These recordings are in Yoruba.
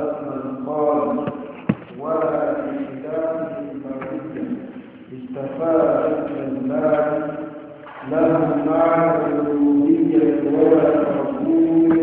من قال ولا إله المرية استفاد الله له معنى الربوبية ولا تقول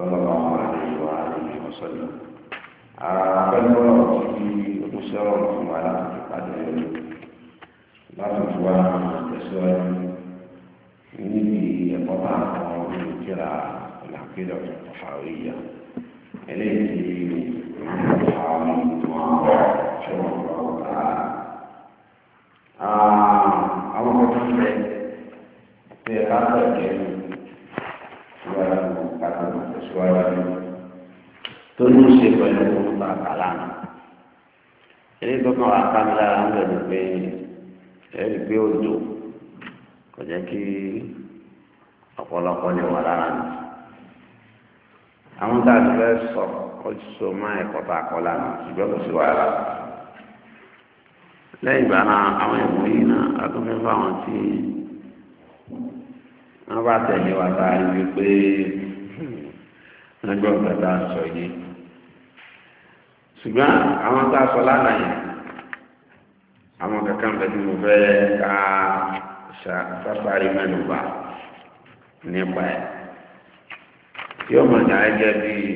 صلى الله عليه وآله وسلم أعلم في أسر وعلى قدر لا تتوى تسوي نبي يطبع كرا العقيدة الطحاوية إليه الطحاوي رحمه الله تعالى أما كتبت في هذا síwájú àná tó ní ṣe pẹ̀lú ohun tó àkàlà nù. ilé tó kàn wá ká mi lára ń bẹ̀rù pé ẹ̀rí pé òjò kò jẹ́ kí ọ̀pọ̀lọpọ̀ lè wà lára nù. àwọn tá a ti fẹ́ sọ ó ti so máa ẹ̀kọ́ tó àkọlà nù ṣùgbọ́n kò sí wàhálà. lẹ́yìn ìgbà náà àwọn ẹ̀mọ́ yìí náà a tún tí wọ́n bá tẹ̀lé wa tá a pé nígbà ọ̀gá tá a sọ yìí ṣùgbọ́n àwọn tá a sọ lánàá yìí àwọn kankan bẹ tí mo fẹ́ ká sáfárì mẹ́nu bá nípa ẹ̀ yóò mọ̀ ní àyẹ̀jẹ̀ bíi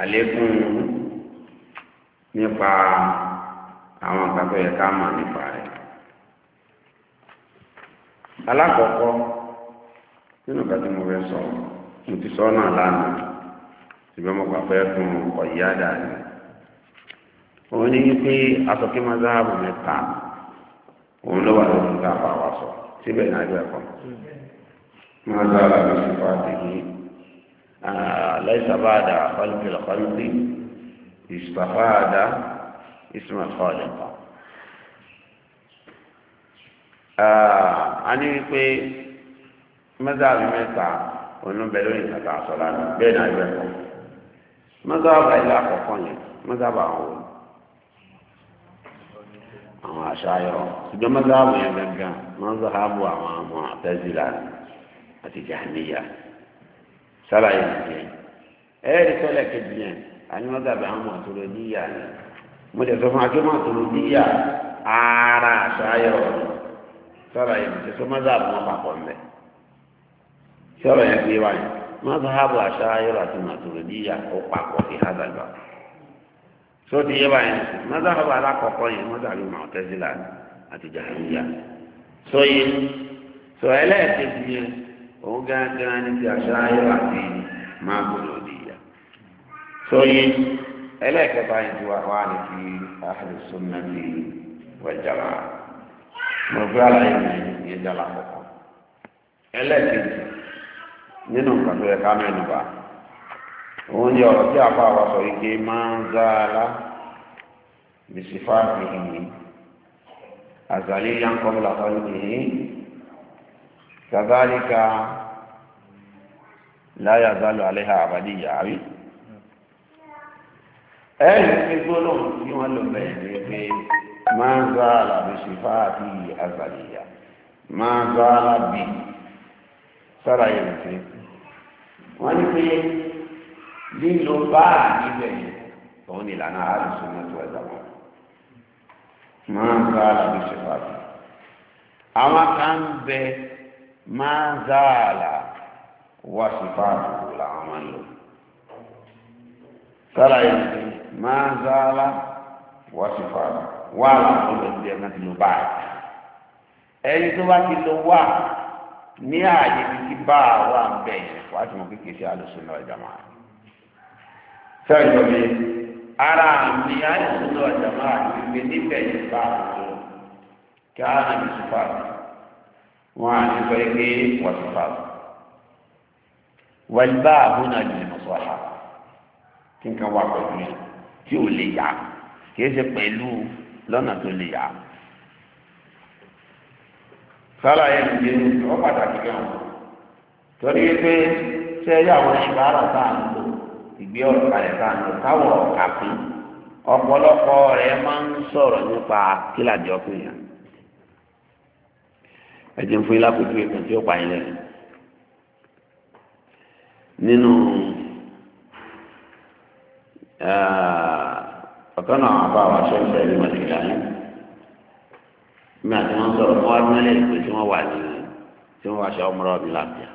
àlékún nípa àwọn nǹkan tó yẹ ká mọ̀ nípa rẹ̀ alákọ̀ọ́kọ́ nínú kan tí mo fẹ́ sọ̀rọ̀ mo ti sọ náà lánàá síbẹ̀ mo kà fẹ́ fún ọ̀yá dàní òun ní wípé asọ̀kí mazahabu mẹ́ta òun ló wà lórí ká bá wa sọ síbẹ̀ náà ẹgbẹ́ kan mazahabu sì fà dìní aláìsàbáàdà kọ́lùkìlọ̀ kọ́lùkì ìsàfáàdà ìsìmọ̀ a ní wípé mẹ́ta onúbẹ lórí ìtàkà àsọlá ni bẹ́ẹ̀ náà yẹ kọ mọsáàbà ilé àkọ́kọ́ yẹn mọsáàbà àwọn àwọn àṣàyọ ṣùgbọ́n mọsáàbà yẹn gangan mọsáàbà àwọn àwọn àtẹsílà àti jàǹdíyà sálàyé nìyẹn ẹẹrí sọlẹ kejì yẹn àní mọsáàbà àwọn àtúrò níyà ni mo jẹ sọ fún akéwọn àtúrò níyà ara àṣàyọ sálàyé nìyẹn sọ̀rọ̀ yẹn pé wáyé mọ́sáhábù àṣáyọ̀rọ̀ àti màtòròdíyà ó ha ti yé wáyé mọ́sáhábù alákọ̀ọ́kọ́ yẹn mọ́sáhábù màtẹ́sílà àti jàǹdíyà sọ yé sọ ẹlẹ́ẹ̀kejì yẹn òun gángan ní ti àṣáyọ̀rọ̀ àti màtòròdíyà sọ yé ẹlẹ́ẹ̀kẹta yẹn ti wà wá ní ti yẹn nínú nǹkan tó yẹ ká mẹ́nu bá òun ni ọ̀rọ̀ tí àpá wa sọ ike máa ń záàlá bìsífà ìhìnyí àzàlí yankọ́bùlà fọ́lùmí kàzálíkà láyà zálù àléhà àbádí yàrí ẹ̀yìn tí gbólóhùn tí wọ́n lò bẹ̀rẹ̀ ní pé máa ń záàlá bìsífà àti àzàlíyà máa ń záàlá bì sára yẹn ti wọ́n ní pé lílo báà níbẹ̀ òun ni ìlànà àlùsùn náà tó ẹ̀dá wọn. máa ń bá àlùsùn ṣe pàtó. àwọn kan ń bẹ máa ń záàlà wá sí pàtó làwọn máa ń lò. sára yìí máa ń záàlà wá sí pàtó wá làwọn lò ń bẹ náà ti lo báà. ẹni tó bá ti lo wá ní ààyè tí bá wà ń bẹ̀ yẹn wàá ti mọ̀ pé kìí ṣe alùsùn náà jàmá. sẹ́yìn mi ara mi alùsùn náà jàmá mi gbé níbẹ̀ yẹn bá wọn kí á nà mí sùpà wọn à ní sọ pé wọ́n sùpà wọ́n bá àwọn àjò ìmọ̀sọ̀ àṣà kí nǹkan wà pẹ̀lú yẹn tí ò lè yá kìí ṣe pẹ̀lú lọ́nà tó lè yá. sára yẹn ti di ọ pàtàkì gan torí pé ṣé ẹ yá àwọn ìbára tá à ń lò ìgbé ọ̀rọ̀ kalẹ̀ tá à ń lò káwọ̀ kàfin ọ̀pọ̀lọpọ̀ rẹ̀ máa ń nípa kílàjọ fún ẹ jẹun fún yín lápòjú ìpín tí ó pa yín mi àti wọn sọ̀rọ̀ wọn wá mẹlẹ ìpè tí wọn wà ní tí wọn wá ṣe ọmọrọ mi làbíà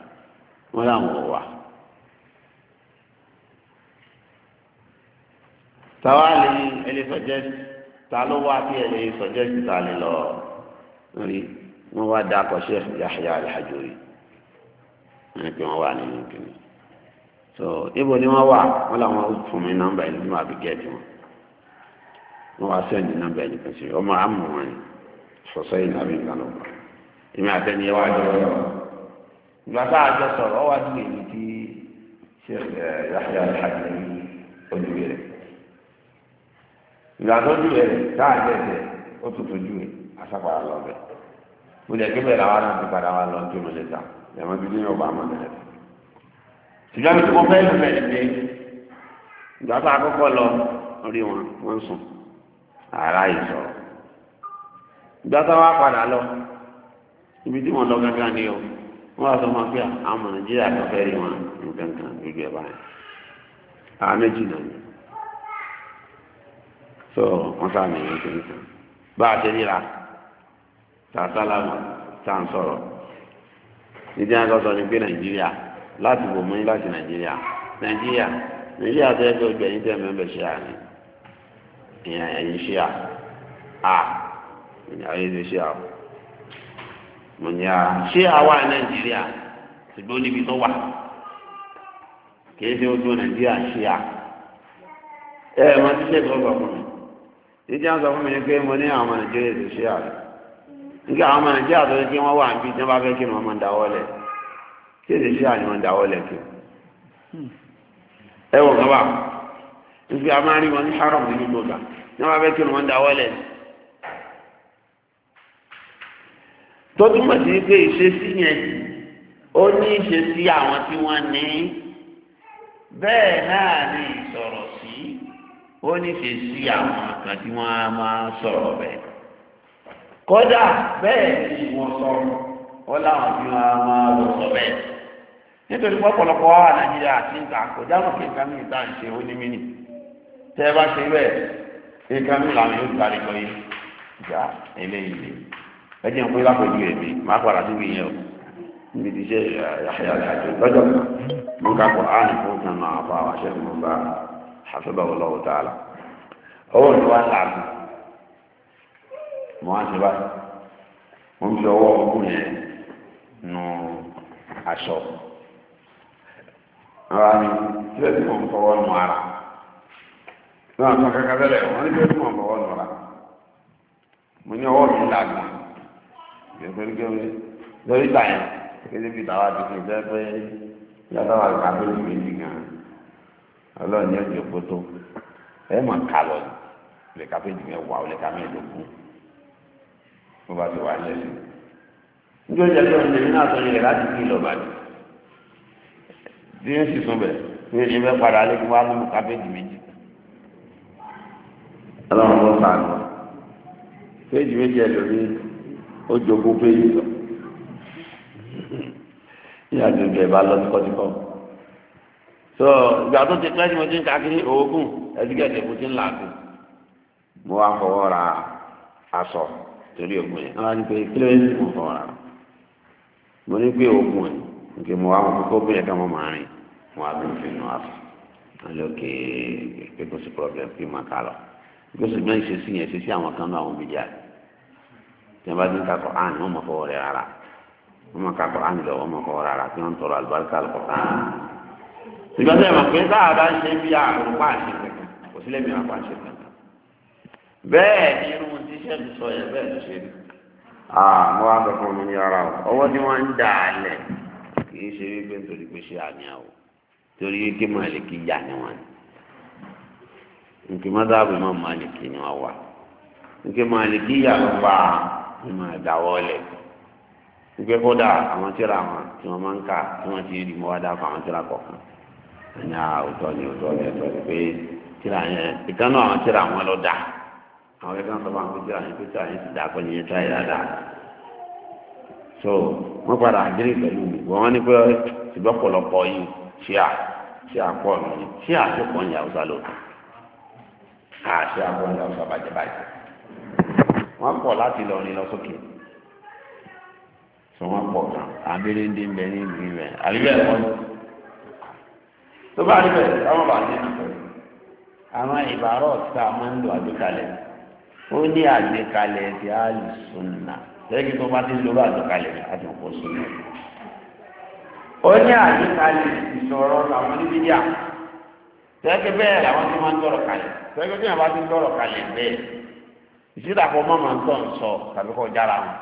wọn làwọn wà. táwa lè ẹlẹ sọjẹsì ta ló wá bí ẹlẹ sọjẹsì ta lè lọ rí wọn wá dá akọ Sheikh Yahya al-Hajuri wọn pe wọn wà nínú kìnnì so ibo ni wọn wà wọn làwọn fún mi nọ́mbà ẹni tí wọn àbí gẹẹti wọn wọn wá sẹńdì nọ́mbà ẹni kan sí ọmọ àmọ wọn ni. Hussein àbí nǹkan lọ èmi àtẹni ẹwà àjọ sọ̀rọ̀ ìgbà tá a jọ sọ̀rọ̀ ọwọ́ àti èyí tí Sheikh eh, Yahya alhajjani ojúwe rẹ̀ ìgbà tó júwe rẹ̀ tá a jẹ ẹsẹ̀ ó tutù júwe asápàrà lọ bẹ̀ mo jẹ́ kébẹ̀ làwọn náà padà wà lọ tó mi ta ìyàmọ́ bíi ní ọba àmọ́ lẹ́yìn ṣùgbọ́n tí wọ́n fẹ́ẹ́ fẹ́ẹ́ lè ìgbà tá a lọ rí wọn wọ́n sùn àárá ìsọ̀rọ̀ gbàtà wa padà lọ ibi tí wọn lọ gángan ni o wọn wá sọ ma pé àwọn nàìjíríà kan fẹ́ rí wọn nǹkan kan gbogbo ẹ̀ báyìí àwọn méjì náà ni so wọn sá mi ìwé kiri kan bá a ṣe ríra tá a sálámà tá a ń sọ̀rọ̀ nídìí àgọ́ sọ ni pé nàìjíríà láti wò mọ́ yín láti nàìjíríà nàìjíríà nàìjíríà tó yẹ kó gbẹ̀yìn tẹ̀ mẹ́bẹ̀ àná ìyẹn ẹ̀yìn ṣe à ìyàwó ṣe àwọn mo ní a ṣé àwa nàìjíríà ṣùgbọ́n níbi tó wà kìí ṣe ojú nàìjíríà ṣe à ẹ ẹ mọ tí ṣe kọ́ bọ̀ fún mi ìdí àwọn sọ fún mi ni pé mo ní àwọn nàìjíríà ṣe ṣe à nígbà àwọn nàìjíríà tó ní kí wọ́n wà níbi tí wọ́n bá fẹ́ kí wọ́n máa dáwọ́ lẹ̀ kí ṣe ṣe à ni lẹ̀ kí ẹ wọ̀ kọ́ bá nígbà àwọn àríwọ̀n ní haram ní gbogbo ní wọ́n bá fẹ́ kí wọ́n dáwọ́ lẹ̀ tó túmọ̀ sí pé ìṣesí yẹn ó ní ìṣesí àwọn tí wọ́n ní bẹ́ẹ̀ náà ni ìsọ̀rọ̀ sí ó ní ìṣesí àwọn kan tí wọ́n á máa sọ̀rọ̀ bẹ́ẹ̀ kódà bẹ́ẹ̀ ni wọ́n sọ̀rọ̀ ó láwọn tí wọ́n á máa lọ sọ bẹ́ẹ̀ nítorí pọ́pọ̀lọpọ̀ wà nàìjíríà àti ìta kò dáhùn kí nǹkan mi ìta ìṣe ó ní mínì tẹ́ ẹ bá ṣe bẹ́ẹ̀ nǹkan mi làwọn yóò ẹ jẹ́ nǹkan lápẹ̀lú ẹ̀mí máa padà síbi yẹn o níbi tí iṣẹ́ àyàlẹ̀ àjò lọ́jọ́ kan mo ń kakọ̀ á ní fún kan máa fa àṣẹ mi bá àfẹ́bà wọn lọ́wọ́ tààlà ọwọ́ ni wọ́n làágùn mo á ṣe báyìí mo ń fi ọwọ́ ọkùnrin yẹn nu aṣọ ara mi sílẹ̀ tí mo ń fọwọ́ nu ara náà sọ kankan tẹ́lẹ̀ wọ́n ní bẹ́ẹ̀ tí mo ń fọwọ́ nu ara mo ní ọwọ́ mi làágùn ìgbẹ́rí gẹ́gẹ́ bí lórí ìgbà yẹn kéde bí tàwa ti fi jẹ́ pé yàtọ̀ wà ká lórí méjì gan ọlọ́run ní ọjọ́ pọ́tó ẹ mọ̀ ká lọ lè ká péjì yẹn wà ó lè ká mẹ́ẹ̀ẹ́dógún bó bá ti wà lẹ́sìn. níjọ́ ìjà tó ń tẹ̀lé náà sọ yẹ láti kí lọ́ba ni bí ń sì sún bẹ̀ pé ìfẹ́ padà lé kí wọ́n á mú ká péjì méjì. ọlọ́run ló sàánú péjì méjì ẹ̀ lórí ó jogún pé yìí lọ ìyá àjòjì ẹ̀ bá lọ tíkọ́tíkọ́ so ìgbà tó ti pẹ́ tí mo ti ń kakiri oògùn ẹ̀dígẹ̀dẹ̀ mo ti ń làágùn mo wá fọwọ́ ra aṣọ torí oògùn yẹn wọ́n á ní pé kí ló ń mú fọwọ́ ra mo ní pé oògùn ẹ̀ nke mo wá mo kókó bí ẹ̀ka mo máa rìn mo wá bí mo fi nù aṣọ alẹ́ òkè pé kò sí problem kí n máa kà lọ kí o sì gbọ́n ìṣesí yẹn ìṣesí àwọn kan náà àwọn méjì àti tí wọ́n bá ti ń kakọ̀ án wọ́n mọ̀ fọwọ́ rẹ̀ rárá wọ́n mọ̀ kakọ̀ án lọ wọ́n mọ̀ fọwọ́ rárá kí wọ́n tọrọ àlùbáríkà lọ kọ̀ọ̀kan. ṣùgbọ́n sẹ́yìn mọ̀ pé sáà bá ń ṣe bí àrùn pàṣẹ kankan kò sílẹ̀ mi àwọn pàṣẹ kankan. bẹ́ẹ̀ ni irú tí iṣẹ́ ti sọ yẹn bẹ́ẹ̀ ló ṣe rí. mo wá sọ fún mi ní ara o ọwọ́ tí wọ́n ń dà á lẹ̀ kì í ṣe wípé nítorí pé ṣé àní àwọ̀ torí kí màlìkì yà ni wọ́n ní nkì mọ́tàbí mọ́ màlìkì ni wọ́n wà nkì màlìkì yà ló fà á mímọ ìdáwọ́lẹ̀ wípé kódà àwọn tíra wọn tí wọ́n máa ń kà tí wọ́n ti rí mọ́wádá fún àwọn tíra kọ̀ọ̀kan ẹ̀yà òótọ́ ni òótọ́ ni ẹ̀tọ́ ni pé tíra yẹn ìkànnà àwọn tíra wọn lọ dà àwọn ẹ̀ka sọ fún àwọn tíra yẹn pé tíra yẹn ti dà pẹ̀lú yẹn tíra yẹn so wọ́n padà àdírí pẹ̀lú mi wọ́n ní pé ṣùgbọ́n pọ̀lọpọ̀ yìí ṣíà ṣíà pọ̀ mi ṣíà tó pọ̀ ní àwùjọ lò àṣíà pọ̀ ní àwùjọ bàjẹ́ bàjẹ́ wọ́n pọ̀ láti lọ rìn lọ sókè sọ pọ̀ kan àbẹ̀rẹ̀ ndé ní ìlú àríwẹ̀ ẹ̀kọ́ tó bá bá dé àwọn a máa ń lo àgbékalẹ̀ ó ní àgbékalẹ̀ ti àlùsùnà lẹ́yìn tó bá ti lóró àgbékalẹ̀ àti òkú sùnà ó ní àgbékalẹ̀ ìṣòro bẹ́ẹ̀ làwọn ti máa ń dọ̀rọ̀ kalẹ̀ dọ̀rọ̀ kalẹ̀ bẹ́ẹ̀. ìsídàpọ̀ mọ́ máa ń tọ̀ ń sọ tàbí kọ́ jára wọn.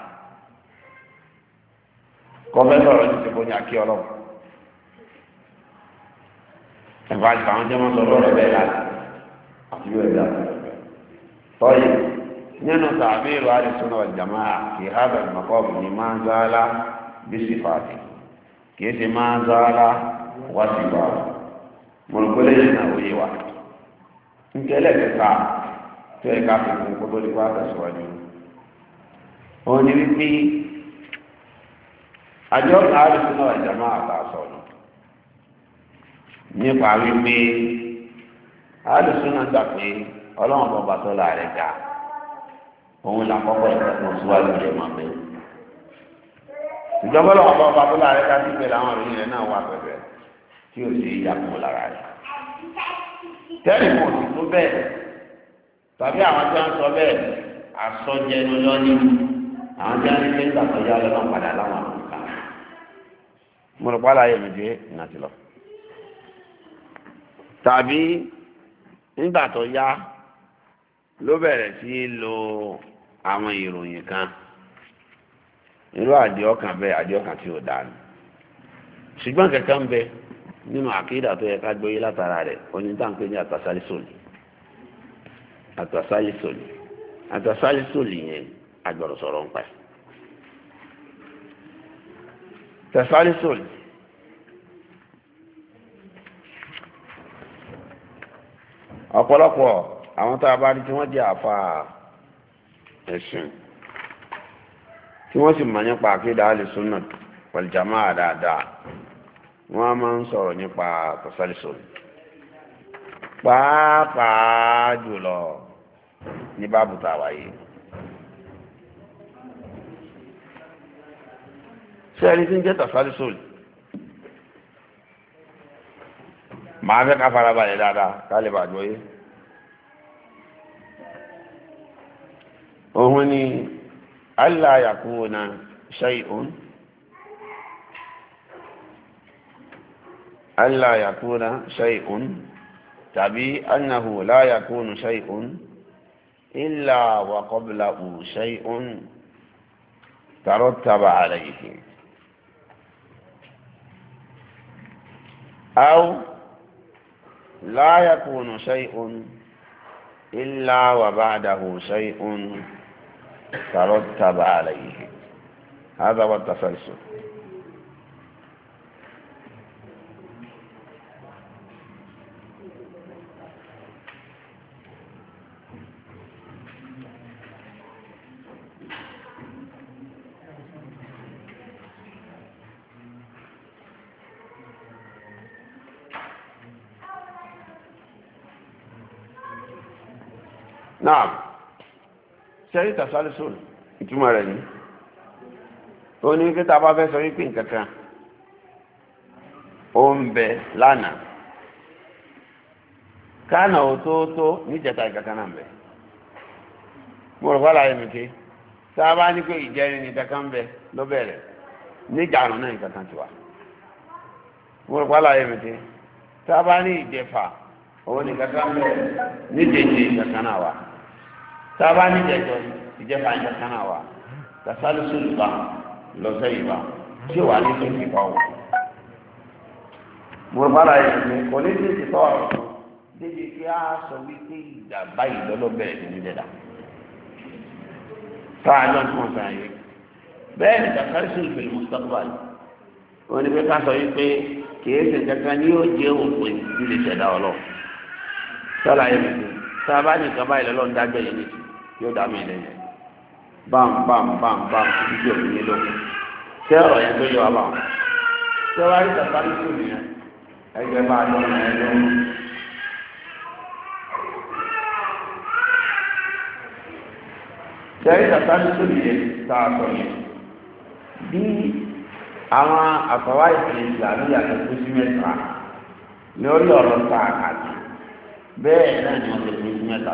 kọ́fẹ́sọ̀ rẹ̀ ti ti kó ní akí ọlọ́run. ẹ̀fọ́ àti àwọn jẹ́ máa sọ̀rọ̀ rẹ̀ bẹ́ẹ̀ láti àti yóò dá. tọ́yì nínú tàbí ìlú àdìsúná ọ̀jàmá kì í hábẹ̀ mọ̀kọ́ọ̀bù ní máa ń zọ́ọ́lá bí sífàtì kì í ṣe máa ń zọ́ọ́lá wá sí wa. mọ̀lùkọ́lẹ́yìn náà ó yé wa. nkẹ́lẹ́ kẹta tó yẹ a fi kún kótó nípa ó ní wípé àjọ àrùsùn náà ìjàmá àtàsọ̀nù nípa wípé àrùsùn náà gbà pé ọlọ́run bọ̀ bàtọ́ là rẹ̀ ga òun ìtọ́kùn síwájú rẹ̀ máa bẹ̀rẹ̀ ìjọba bá sí pẹ̀lú àwọn rẹ̀ náà wà pẹ̀pẹ̀ tí ó sì yà kúrò lára rẹ̀. tẹ́lifù tó bẹ́ẹ̀ tàbí àwọn tí wọ́n sọ bẹ́ẹ̀ àsọjẹnu ni àwọn tí wọ́n ní pé nígbà tó yá lọ́nà padà láwọn àwọn kan. mo rò pálá yẹ mi dé ìnàtí lọ. tàbí nígbà tó yá ló bẹ̀rẹ̀ sí lo àwọn ìròyìn kan irú àdìọ́kàn bẹ́ẹ̀ àdìọ́kàn tí ò dáa ni ṣùgbọ́n kẹ̀kẹ́ ń bẹ nínú àkídà tó yẹ ká gbóyé látara rẹ̀ onítàǹpé ní àtàsálẹ́sọ̀lì àtàsálísòlì àtàsálísòlì yẹn agbọ̀rọ̀ sọ̀rọ̀ ń pa ẹ̀ tàsálísòlì ọ̀pọ̀lọpọ̀ àwọn tá a bá rí tí wọ́n jẹ́ àfa ẹ̀sìn tí wọ́n sì mọ̀ nípa àkídà alìsúnà pẹ̀lú jàmáà dáadáa wọ́n á máa ń sọ̀rọ̀ nípa tàsálísòlì pàápàá jùlọ ní báàbù tá a wáyé. ṣé ẹni tí ń jẹ́ tàṣálí sóòlì màá fẹ́ ká farabalẹ̀ dáadáa ká lè bàjọ́ yé. òun ni aláyàkúnwòna ṣẹ́yìn aláyàkúnwòna ṣẹ́yìn tàbí annahu láyàkúnwòna ṣẹ́yìn ilà wàkọ́bìlà òṣè ń tàrọ́ tàbà àlẹ́ yìí. أو لا يكون شيء إلا وبعده شيء ترتب عليه هذا هو التسلسل sẹ́rí tàṣálùsùn ìtumọ̀ rẹ̀ ní ó ní kí tàbá fẹ́ sọ wípé nǹkankan ó ń bẹ lánàá kánà ò tó tó níjẹta ìkankan náà bẹ mo rò láyé mi ké tàbá ní pé ìjẹrin ní ìkankan bẹ ló bẹ̀rẹ̀ níjàrún náà ìkankan ti wà mo rò láyé mi ké tàbá ní ìjẹfà òun ìkankan bẹ níjẹjẹ ìkankan náà wà. tábà ní ìjẹjọ ìjẹba ń jẹ kánà wa tàṣálù sùlùbà lọ́sẹ̀ ìbá tí ó wà ní tó ti pa o. mo bára ẹ̀sìn kò ní tó ti pa ọ̀rọ̀ kan débi pé a sọ wípé ìjà báyìí lọ́lọ́ bẹ̀rẹ̀ ní ìjẹ̀dá. sáà náà tí wọ́n sàn yìí bẹ́ẹ̀ ni tàṣálù sùlùbà mustapha wọ́n ní pé ká sọ wípé kìí ṣe kankan ni yóò jẹ́ òpin nílé ìṣẹ̀dá ọlọ́ọ̀ sọ́la yẹn tá a bá nìkan báyìí ń dájọ́ yẹn nìkan. yóò dá mi bam bam bam bam tí ṣé yẹn tó bá wọn. ṣé wàá rí nìyẹn ṣé rí nìyẹn tá a sọ yẹn bí àwọn àfọwá ìpínlẹ̀ yàtọ̀ tó sí mẹ́ta àti bẹ́ẹ̀ náà ni wọ́n mẹ́ta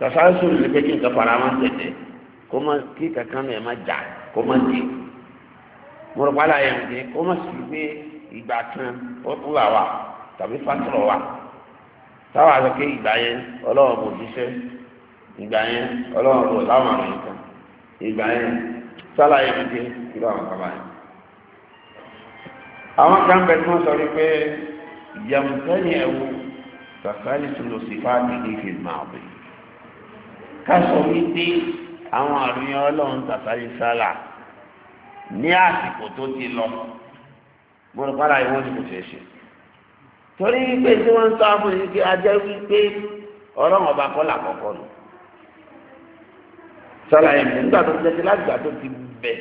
tàṣáṣù ní pé kí nǹkan fara máa ń tẹ̀tẹ̀ kó má kí kankan náà má jà kó má dé mo rò pálá yẹn dé kó má sì gbé ìgbà kan ó tún wà wà tàbí fásitọ̀ wà táwọn àti pé ìgbà yẹn ọlọ́run kò ṣiṣẹ́ ìgbà yẹn ọlọ́run kò láwọn àrùn nǹkan ìgbà yẹn sálàyé mi dé ìlú àwọn kaba yẹn. kan bẹ tí wọ́n sọ wípé yàmùtẹ́ni ẹ̀wù tàṣáṣù lọ sí fáàkì ní kásọ̀ wípé àwọn àrùyàn ọlọ́run tàtàrí sálà ní àsìkò tó ti lọ gbọ́dọ̀ pàrọ̀ ni kò ṣe ṣe torí wípé tí wọ́n ń sọ fún yìí kí ajẹ́ wípé ọlọ́run ọba kọ́ làkọ́kọ́ nù sálà yẹn nígbà tó ti jẹ́ lágbà tó ti bẹ̀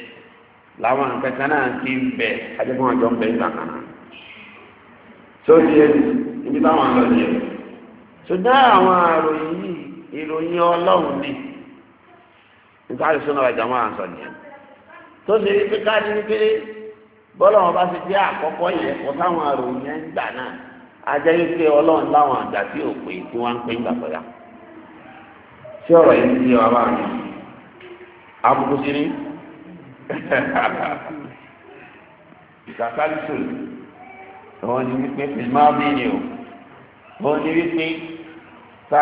làwọn nǹkan kan náà ti bẹ̀ ajẹ́ fún ọjọ́ ń bẹ̀ nígbà kan náà sóòtì ẹni ibi táwọn lọ nìyẹn ṣùgbọ́n àwọn àròyìn yìí ìròyìn ọlọ́run ní nípa àdìsọ́nà ọjà máa ń sọ nìyẹn tó ṣe rí káàdì wípé bọ́lá bá ti jẹ́ àkọ́kọ́ yẹn kó táwọn àròyìn yẹn ń gbà náà rí wípé ọlọ́run láwọn àjà tí ò pé tí wọ́n ń pè gbà sí ọ̀rọ̀ yìí ti báyìí sí ni ni wípé o ni wípé tá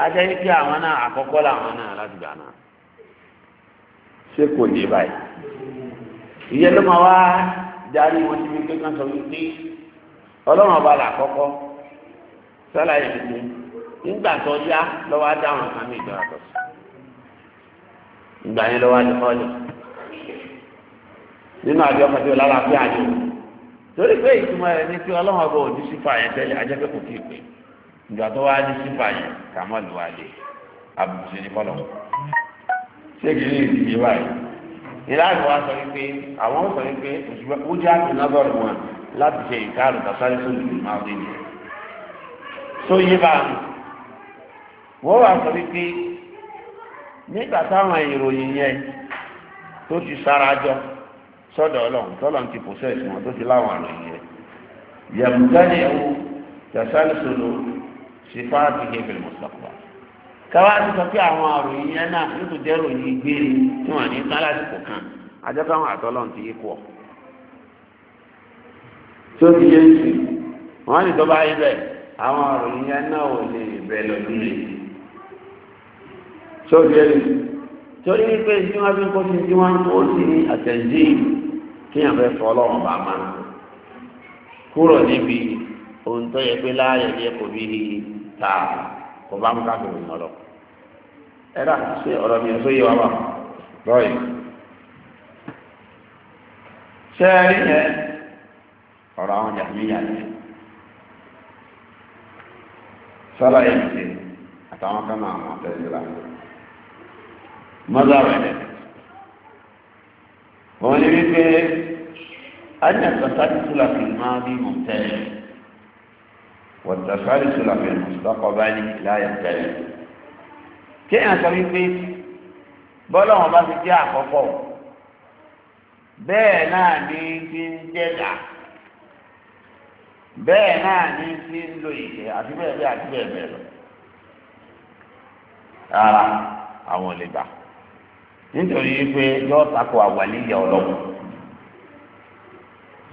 ajá yìí àwọn náà àkọ́kọ́ làwọn náà láti gbà náà ṣé kò dé báyìí ìyẹn ló máa wá darí wọn síbi pé kán sọ wípé ọlọ́run ọba là kọ́kọ́ sọ́lá nígbà tó yá lọ́wọ́ dáhùn kan ní ìgbà yẹn lọ́wọ́ nínú kan tí lára pé àjò torí pé ìtumọ̀ ní ọlọ́run ọba ìgbà tó wá ní sífà yìí kàmọ́ lù wá lè àbùkù ní kọ́lọ̀ ṣé kì í ní ìdíje báyìí ìlànà wa sọ wípé àwọn sọ wípé ó jẹ́ àtúnábọ̀rọ̀ wọn láti ṣe ìkárù tàṣárí sódì ní máa dé nìyẹn tó yé bá wọ́n wá sọ wípé nígbà táwọn ìròyìn yẹn tó ti sára jọ sọ́dọ̀ ọlọ́run tọ́lọ́run ti pòṣẹ́ ìsìn wọn tó ti láwọn àrùn yẹn yẹ̀mùtẹ́lẹ̀ ẹ̀wọ̀ tàṣárí sódì sifatihi fil mustaqbal káwá ti sọ pé àwọn àròyìn yẹn náà yóò tó jẹ́ ròyìn gbére tí wọ́n ní ká lásìkò kan ajọ́ káwọn àtọ́lọ́n ti kú ọ. tí ó ti yé sí wọ́n ní tó bá yé bẹ́ẹ̀ àwọn àròyìn yẹn náà ò lè bẹ̀ lọ́dún lè. tí ó ti yé sí torí pé tí wọ́n fi ń kó sí tí wọ́n kó sí àtẹ̀jí kéèyàn fẹ́ fọ́ ọlọ́run bàmá kúrò níbi ohun tó yẹ pé láàyè yẹ kò bí i tààrà kò bá ń káfíìrì sọ̀rọ̀ ẹ dà ṣé ọ̀rọ̀ mi sóyè wa wà lọ́ọ̀yì ṣé ẹ rí yẹn ọ̀rọ̀ àwọn jàmíyà ni sára yẹn ti àtàwọn kan náà wọn tẹ̀lé la mọ́tò àwọn ẹ̀dẹ̀ wọ́n ní wípé ayé àtàtà ti túlà fìlmáà bí mọ̀tẹ́lẹ̀. والتسلسل في المستقبل لا يختلف kéèyàn sọ wípé bọ́lá wọn bá ti jẹ́ àkọ́kọ́ bẹ́ẹ̀ náà ni ti ń jẹ́dà bẹ́ẹ̀ náà ni ti ń lo ìṣẹ́ àti bẹ́ẹ̀ bẹ́ẹ̀ àti bẹ́ẹ̀ bẹ́ẹ̀ lọ.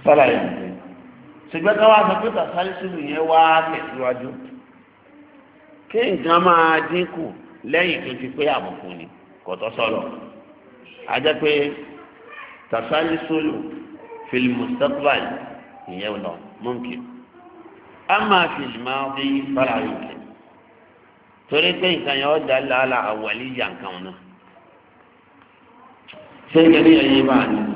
rárá ṣùgbọ́n ká wá sọ pé tàṣálísùlù yẹn wá tẹ̀síwájú kí nǹkan máa dínkù lẹ́yìn tó ti pé àbùkù ni kò tọ́ sọ̀rọ̀ a jẹ́ pé tàṣálísùlù fìlìmùsítọ́kùbàlì ìyẹn lọ mọ́ǹkì ama fìlìmà bí fara yòókè torí pé nǹkan yẹn ó dá làálàá àwọ̀lì yà nǹkan náà ṣé ìgbẹ́ ní ẹ̀yìn bá a nìyẹn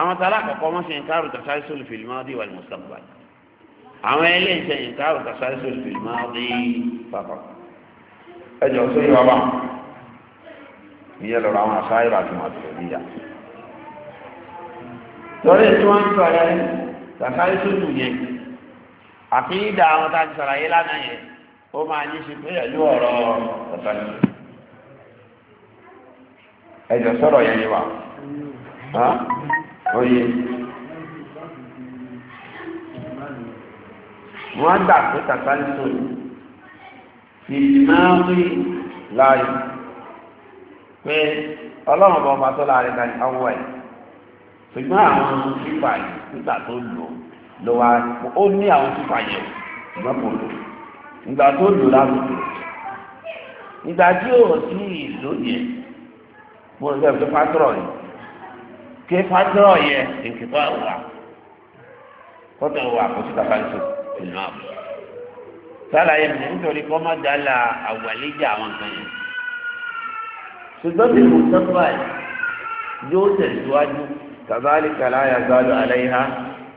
àwọn tààlà àkọ́kọ́ wọ́n ṣe ìnkárù tàṣárí sólù fìlímọ́dì wà lùmùsàmbà àwọn ẹlẹ́yìn ṣe ìnkárù tàṣárí sólù fìlímọ́dì pàpà ẹjọ sórí wa bá ìyẹn lọ́rọ̀ àwọn àṣáyé àti màtìlẹ̀ níyà torí tí wọ́n ń sọ ẹ tàṣárí sólù yẹn àti ìdá àwọn tá a ti sọ̀rọ̀ ayé lánàá yẹn ó máa ní ṣe pé ẹ̀lú ọ̀rọ̀ tàṣárí ẹjọ sọ̀rọ̀ yẹn ni wà oye wọ́n gbà pé tàbí sọ̀rọ̀ ìdí máa ń rí láàyè pé ọlọ́run bá ọba tó láàrin ká ní ọwọ́ ẹ̀ ṣùgbọ́n àwọn fífà yìí nígbà tó lò ló wá ó ní àwọn fífà yẹn ṣùgbọ́n kò lò nígbà tó lò lásìkò nígbà tí ò sí ìlú yẹn mo rò pé pásítọ̀ yìí kí fájọ́ yẹ ìkìtọ́ ìwà kọ́tọ̀ ìwà kò sí kàfáìsì ìlú àbò sálàyé mi nítorí kọ́ má dálà àwàlẹ́jà àwọn kan yẹn ṣùgbọ́n bí mo sọ báyìí yóò tẹ̀síwájú kàbáàlì kàláyà zálù àlẹ́yà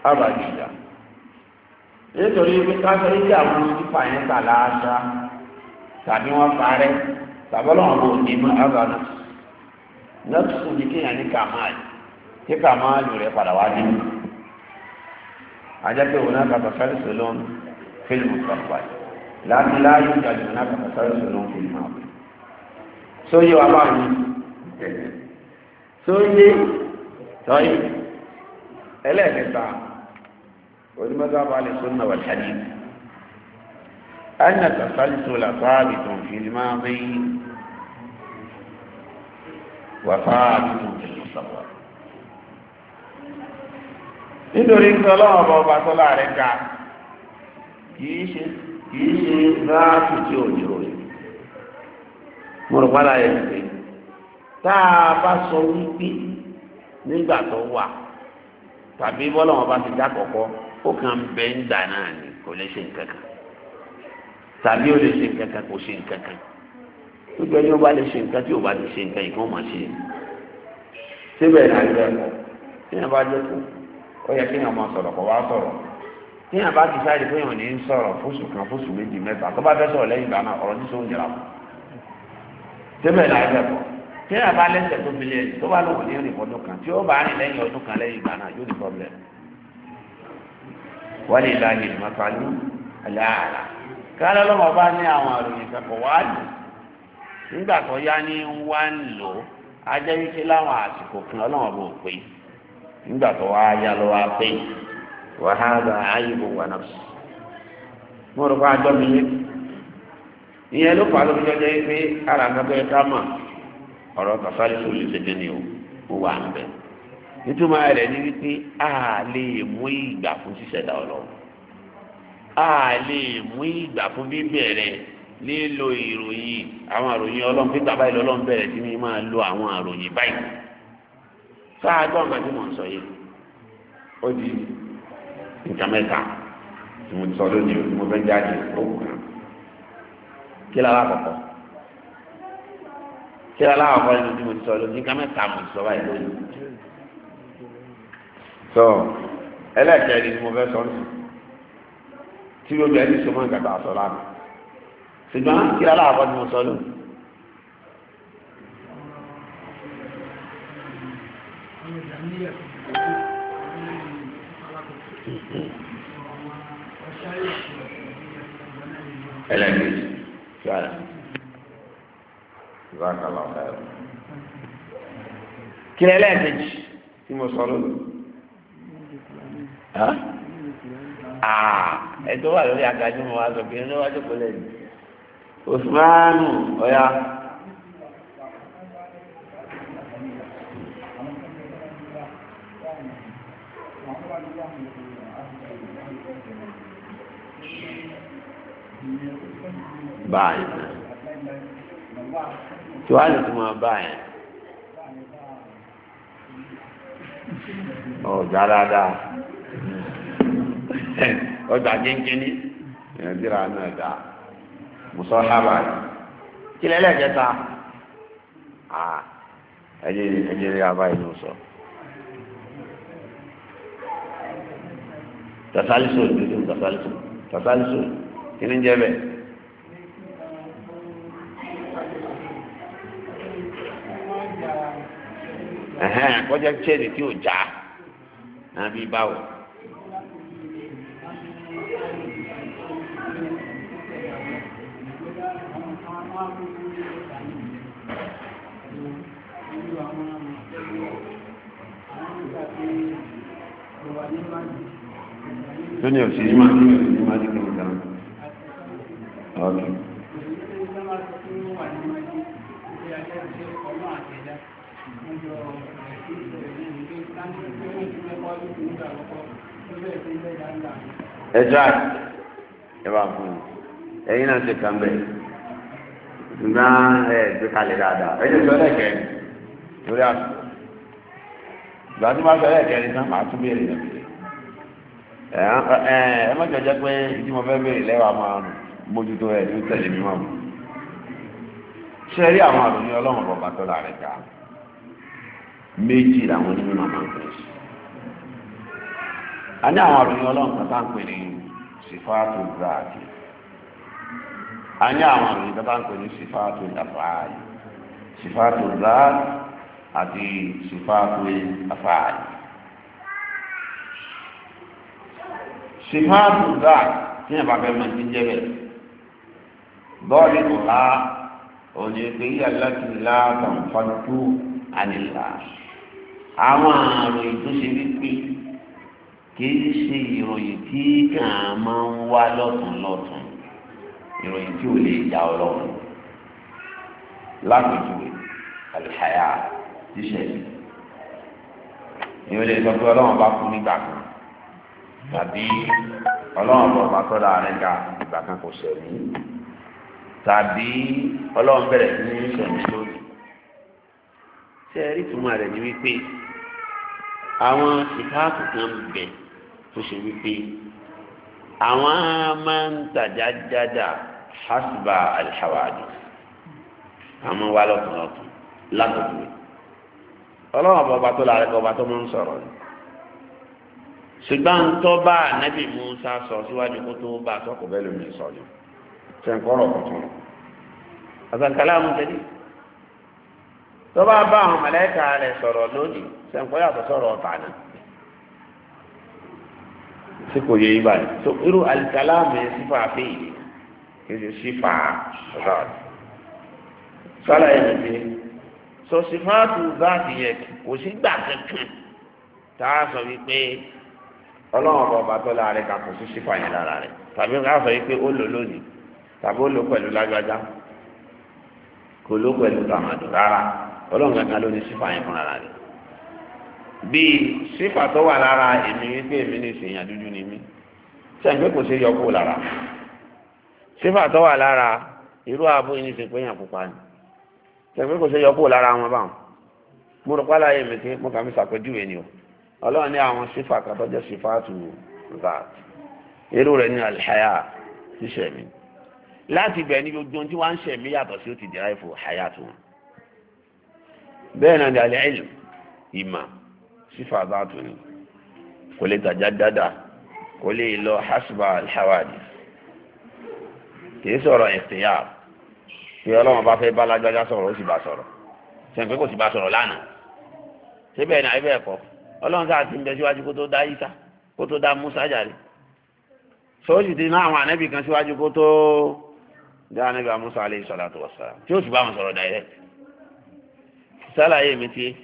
àbàdìjà nítorí pé káfíńtì àwọn onífà yẹn kà láàṣà tàbí wọn parẹ́ tàbí ọlọ́run kò ní mọ́ àbànú lọ́tùkù ní kéèyàn ní kàmáàlì. kíkà máa lò rẹ̀ padà wá dé ajáde òun náà kàtà sáré sọlọ́n fílmù sọ̀rọ̀ láti láàyè ìjàdù òun náà kàtà sáré sọlọ́n fílmù àbẹ̀ sóyè wà bá mi sóyè sọyè ẹlẹ́ẹ̀kẹta onímọ̀tò abalẹ̀ sọ́nà wà tàbí أن التسلسل ثابت في الماضي وثابت في المستقبل nítorí pé ọlọ́run ọba ọba tọ́lá rẹ̀ ga kìí ṣe kìí ṣe ráàtù tí ò ní òye mo rò pálá pé tá a bá sọ wípé nígbà tó wà tàbí bọ́lọ́run bá ti dá kọ̀kọ́ ó kàn ń bẹ ń dà náà ni kò lè ṣe nǹkan kan tàbí ó lè ṣe nǹkan kan kò ṣe nǹkan kan gbogbo ẹni ó bá lè ṣe nǹkan tí ò bá lè ṣe nǹkan yìí ṣe síbẹ̀ náà gbẹ̀rù tí wọ́n bá jẹ́ fún un. ó yẹ kéèyàn ọmọ sọ̀rọ̀ kọ̀ wá sọ̀rọ̀ kéèyàn bá ti sáré kéèyàn ní sọ̀rọ̀ kan fóṣù méjì mẹ́ta tó bá fẹ́ sọ̀rọ̀ lẹ́yìn ìgbà náà ọ̀rọ̀ ní sóun jìrà kù tẹ́bẹ̀ náà ẹgbẹ́ bọ̀ kéèyàn bá lẹ́sẹ̀ tó fi tó bá lóun ní ọdún kan tí ó bá rìn lẹ́yìn ọdún kan lẹ́yìn ìgbà náà yóò ní problem wọ́n lè aláàlá kálọ́ lọ́mọ bá ní nígbà tó wá yá lọ wá pé wàhálà ayíbo wà náà mo rò pé àjọ mi yé ìyẹn ló fà lóbi jọjọ yìí pé ara ká o ó wà ń bẹ nítumọ̀ rẹ̀ ní a lè mú ìgbà fún ṣíṣẹ̀dá ọlọ́run a lè mú ìgbà fún bíbẹ̀rẹ̀ lílo ìròyìn àwọn àròyìn ọlọ́run pé bàbá ìlú ọlọ́run sí ni máa lo àwọn àròyìn báyìí. sáà gbọ́ nǹkan tí mò ń sọ yìí ó di nǹkan mẹ́ta tí mo sọ lónìí o tí mo fẹ́ jáde òkú kan kí lára àkọ́kọ́ kí lára àkọ́kọ́ nínú tí mo sọ lónìí nǹkan mẹ́ta mo sọ báyìí lónìí sọ ẹlẹ́kẹ̀ẹ́ni ni mo fẹ́ sọ nù tí ló bẹ̀rẹ̀ ní sọmọ́ nǹkan sọ lánàá ṣùgbọ́n kí lára àkọ́kọ́ ni mo sọ lónìí. ẹlẹ́gbẹ̀ẹ́jì tí a yà ìwà kàlà ọ̀dà ẹ̀rọ. kí ni ẹlẹ́gbẹ̀ẹ́jì tí mo sọ lónìí? Ah, ẹ̀tọ́ wà lórí agadé mo wá sọ pé ẹni wájú kò Osmanu ọ̀ya. báyìí tí wàá lè tún máa báyìí ọ̀gá dáadáa ọjà kínkínní nàìjíríà náà dáa mùsọ̀ hábà yìí kí lẹ́lẹ́kẹta ẹ̀jẹ̀ ẹ̀jẹ̀ rí abáyé ló sọ. tasaliso tasaliso tasaliso kí ni ń kọjá chain tí ò já àbí báwo. lónìí ọ̀sẹ̀ yìí máa ń bí ọ̀sẹ̀ yìí máa ẹ jọ àti fún un náà ṣe kàn bẹ́ẹ̀ nígbà ẹ gbé kalẹ̀ dáadáa ẹ jẹ́ sọ́dọ̀ ẹ̀kẹ́rin lórí àpò ìgbà tí wọ́n sọ́dọ̀ ẹ̀kẹ́rin náà màá tún béèrè náà ẹ ẹ ẹ má pé ìdí mo béèrè máa ní ṣe rí àwọn àròyìn méjì làwọn onímọ̀ máa ń pè sí. a ní àwọn àròyìn ọlọ́run kan tá à ń pè ní sífáàtò gbáàdì a ní àwọn àròyìn kan tá à ń pè ní sífáàtò àfààyè sífáàtò gbáàdì àti sífáàtò àfààyè. sífáàtò gbáàdì tí yẹn bá fẹ́ máa ti jẹ́ bẹ́ẹ̀ bọ́ọ̀lì kò há òní pé yíyá láti láàbà ń fọ́jú àníláà àwọn àròyìn tó ṣe wípé kìí ṣe ìròyìn tí kàn máa ń wá lọ́tún lọ́tún ìròyìn tí ò lè ya ọlọ́run lápèjúwe àlùfáyà tíṣẹ̀lì ni ó lè sọ pé ọlọ́run bá kú nígbà kan tàbí ọlọ́run bọ̀ bá tọ́lá rẹ̀ ga ìgbà kan kò ṣẹ̀mí tàbí ọlọ́run bẹ̀rẹ̀ sí ní ṣẹ̀mí lónìí ṣe túmọ̀ rẹ̀ ní wípé àwọn sìkáàpù kan bẹ̀ tó ṣe wípé àwọn máa ń tàjà jáda hasba alhawadi àwọn wà lọ́tọ̀ọ̀tọ̀ látọ̀tọ̀ ọlọ́wọ́n bọba tó lára bọba tó máa ń sọ̀rọ̀ ni ṣùgbọ́n tó bá nẹ́bí Musa sọ síwájú kó tó bá sọ́kò bẹ́ẹ̀ lómi sọ̀rọ̀ sẹ́ńkọ́rọ̀ kọ̀tún ọ̀sán kálá mú tẹ́lẹ̀ tó bá bá àwọn mọ̀lẹ́kà rẹ̀ sọ̀rọ̀ lónìí sẹ́ńkọ́ yàtọ̀ sọ̀rọ̀ ọ̀tà náà tí kò yẹ ibà yìí tó irú alikalaami sífà fèyí kìí sífà rọd sọlá yẹn ti sọ sífà tó záàtì yẹ kò sí gbà kankan tá a sọ wípé ọlọ́run ọba tó la rẹ̀ kà kò sí sífà yẹn lára rẹ̀ tàbí ká sọ wípé ó lò lónìí tàbí ó lò pẹ̀lú lágbájá kò lò pẹ̀lú tàmàdù rárá ọlọ́run kankan ló ní sífà yẹn fúnra rẹ̀ bíi sífà tó wà lára èmi wípé èmi ní ìsèyàn dúdú ni mí sẹ́yìn pé kò sí yọ kó lára sífà tó wà lára irú ààbò yìí ní ìsìn pé yàn pupa ni sẹ́yìn pé kò sí yọ kó lára wọn báwọn mo rò pálá yẹn mi pé mo kà mí sàpèjúwe ni o ọlọ́run ní àwọn sífà kan tó jẹ́ sífà tù zaat irú rẹ̀ ní alihaya ṣíṣẹ̀mí láti bẹ̀ ní gbogbo ohun tí wọ́n ń ṣẹ̀mí yàtọ̀ sí ó ti dẹ̀ráìfò hayatu wọn. bẹ́ẹ̀ náà ni ìmà sífà bá tún kò lè tàjá dáadáa kò lè lọ hasba alhawadi kì sọ̀rọ̀ ẹ̀sìnyà pé ọlọ́run bá fẹ́ bá lágbájá sọ̀rọ̀ ó sì bá sọ̀rọ̀ sẹ́ńpẹ́ kò sì bá sọ̀rọ̀ lánàá síbẹ̀ náà ibẹ̀ da ọlọ́run sáà ti ń bẹ síwájú kó tó dá Ìsá kó tó dá Mùsá jàre sọ́ọ́sì ti ná àwọn kan síwájú kó tó dá sálàyé mi ti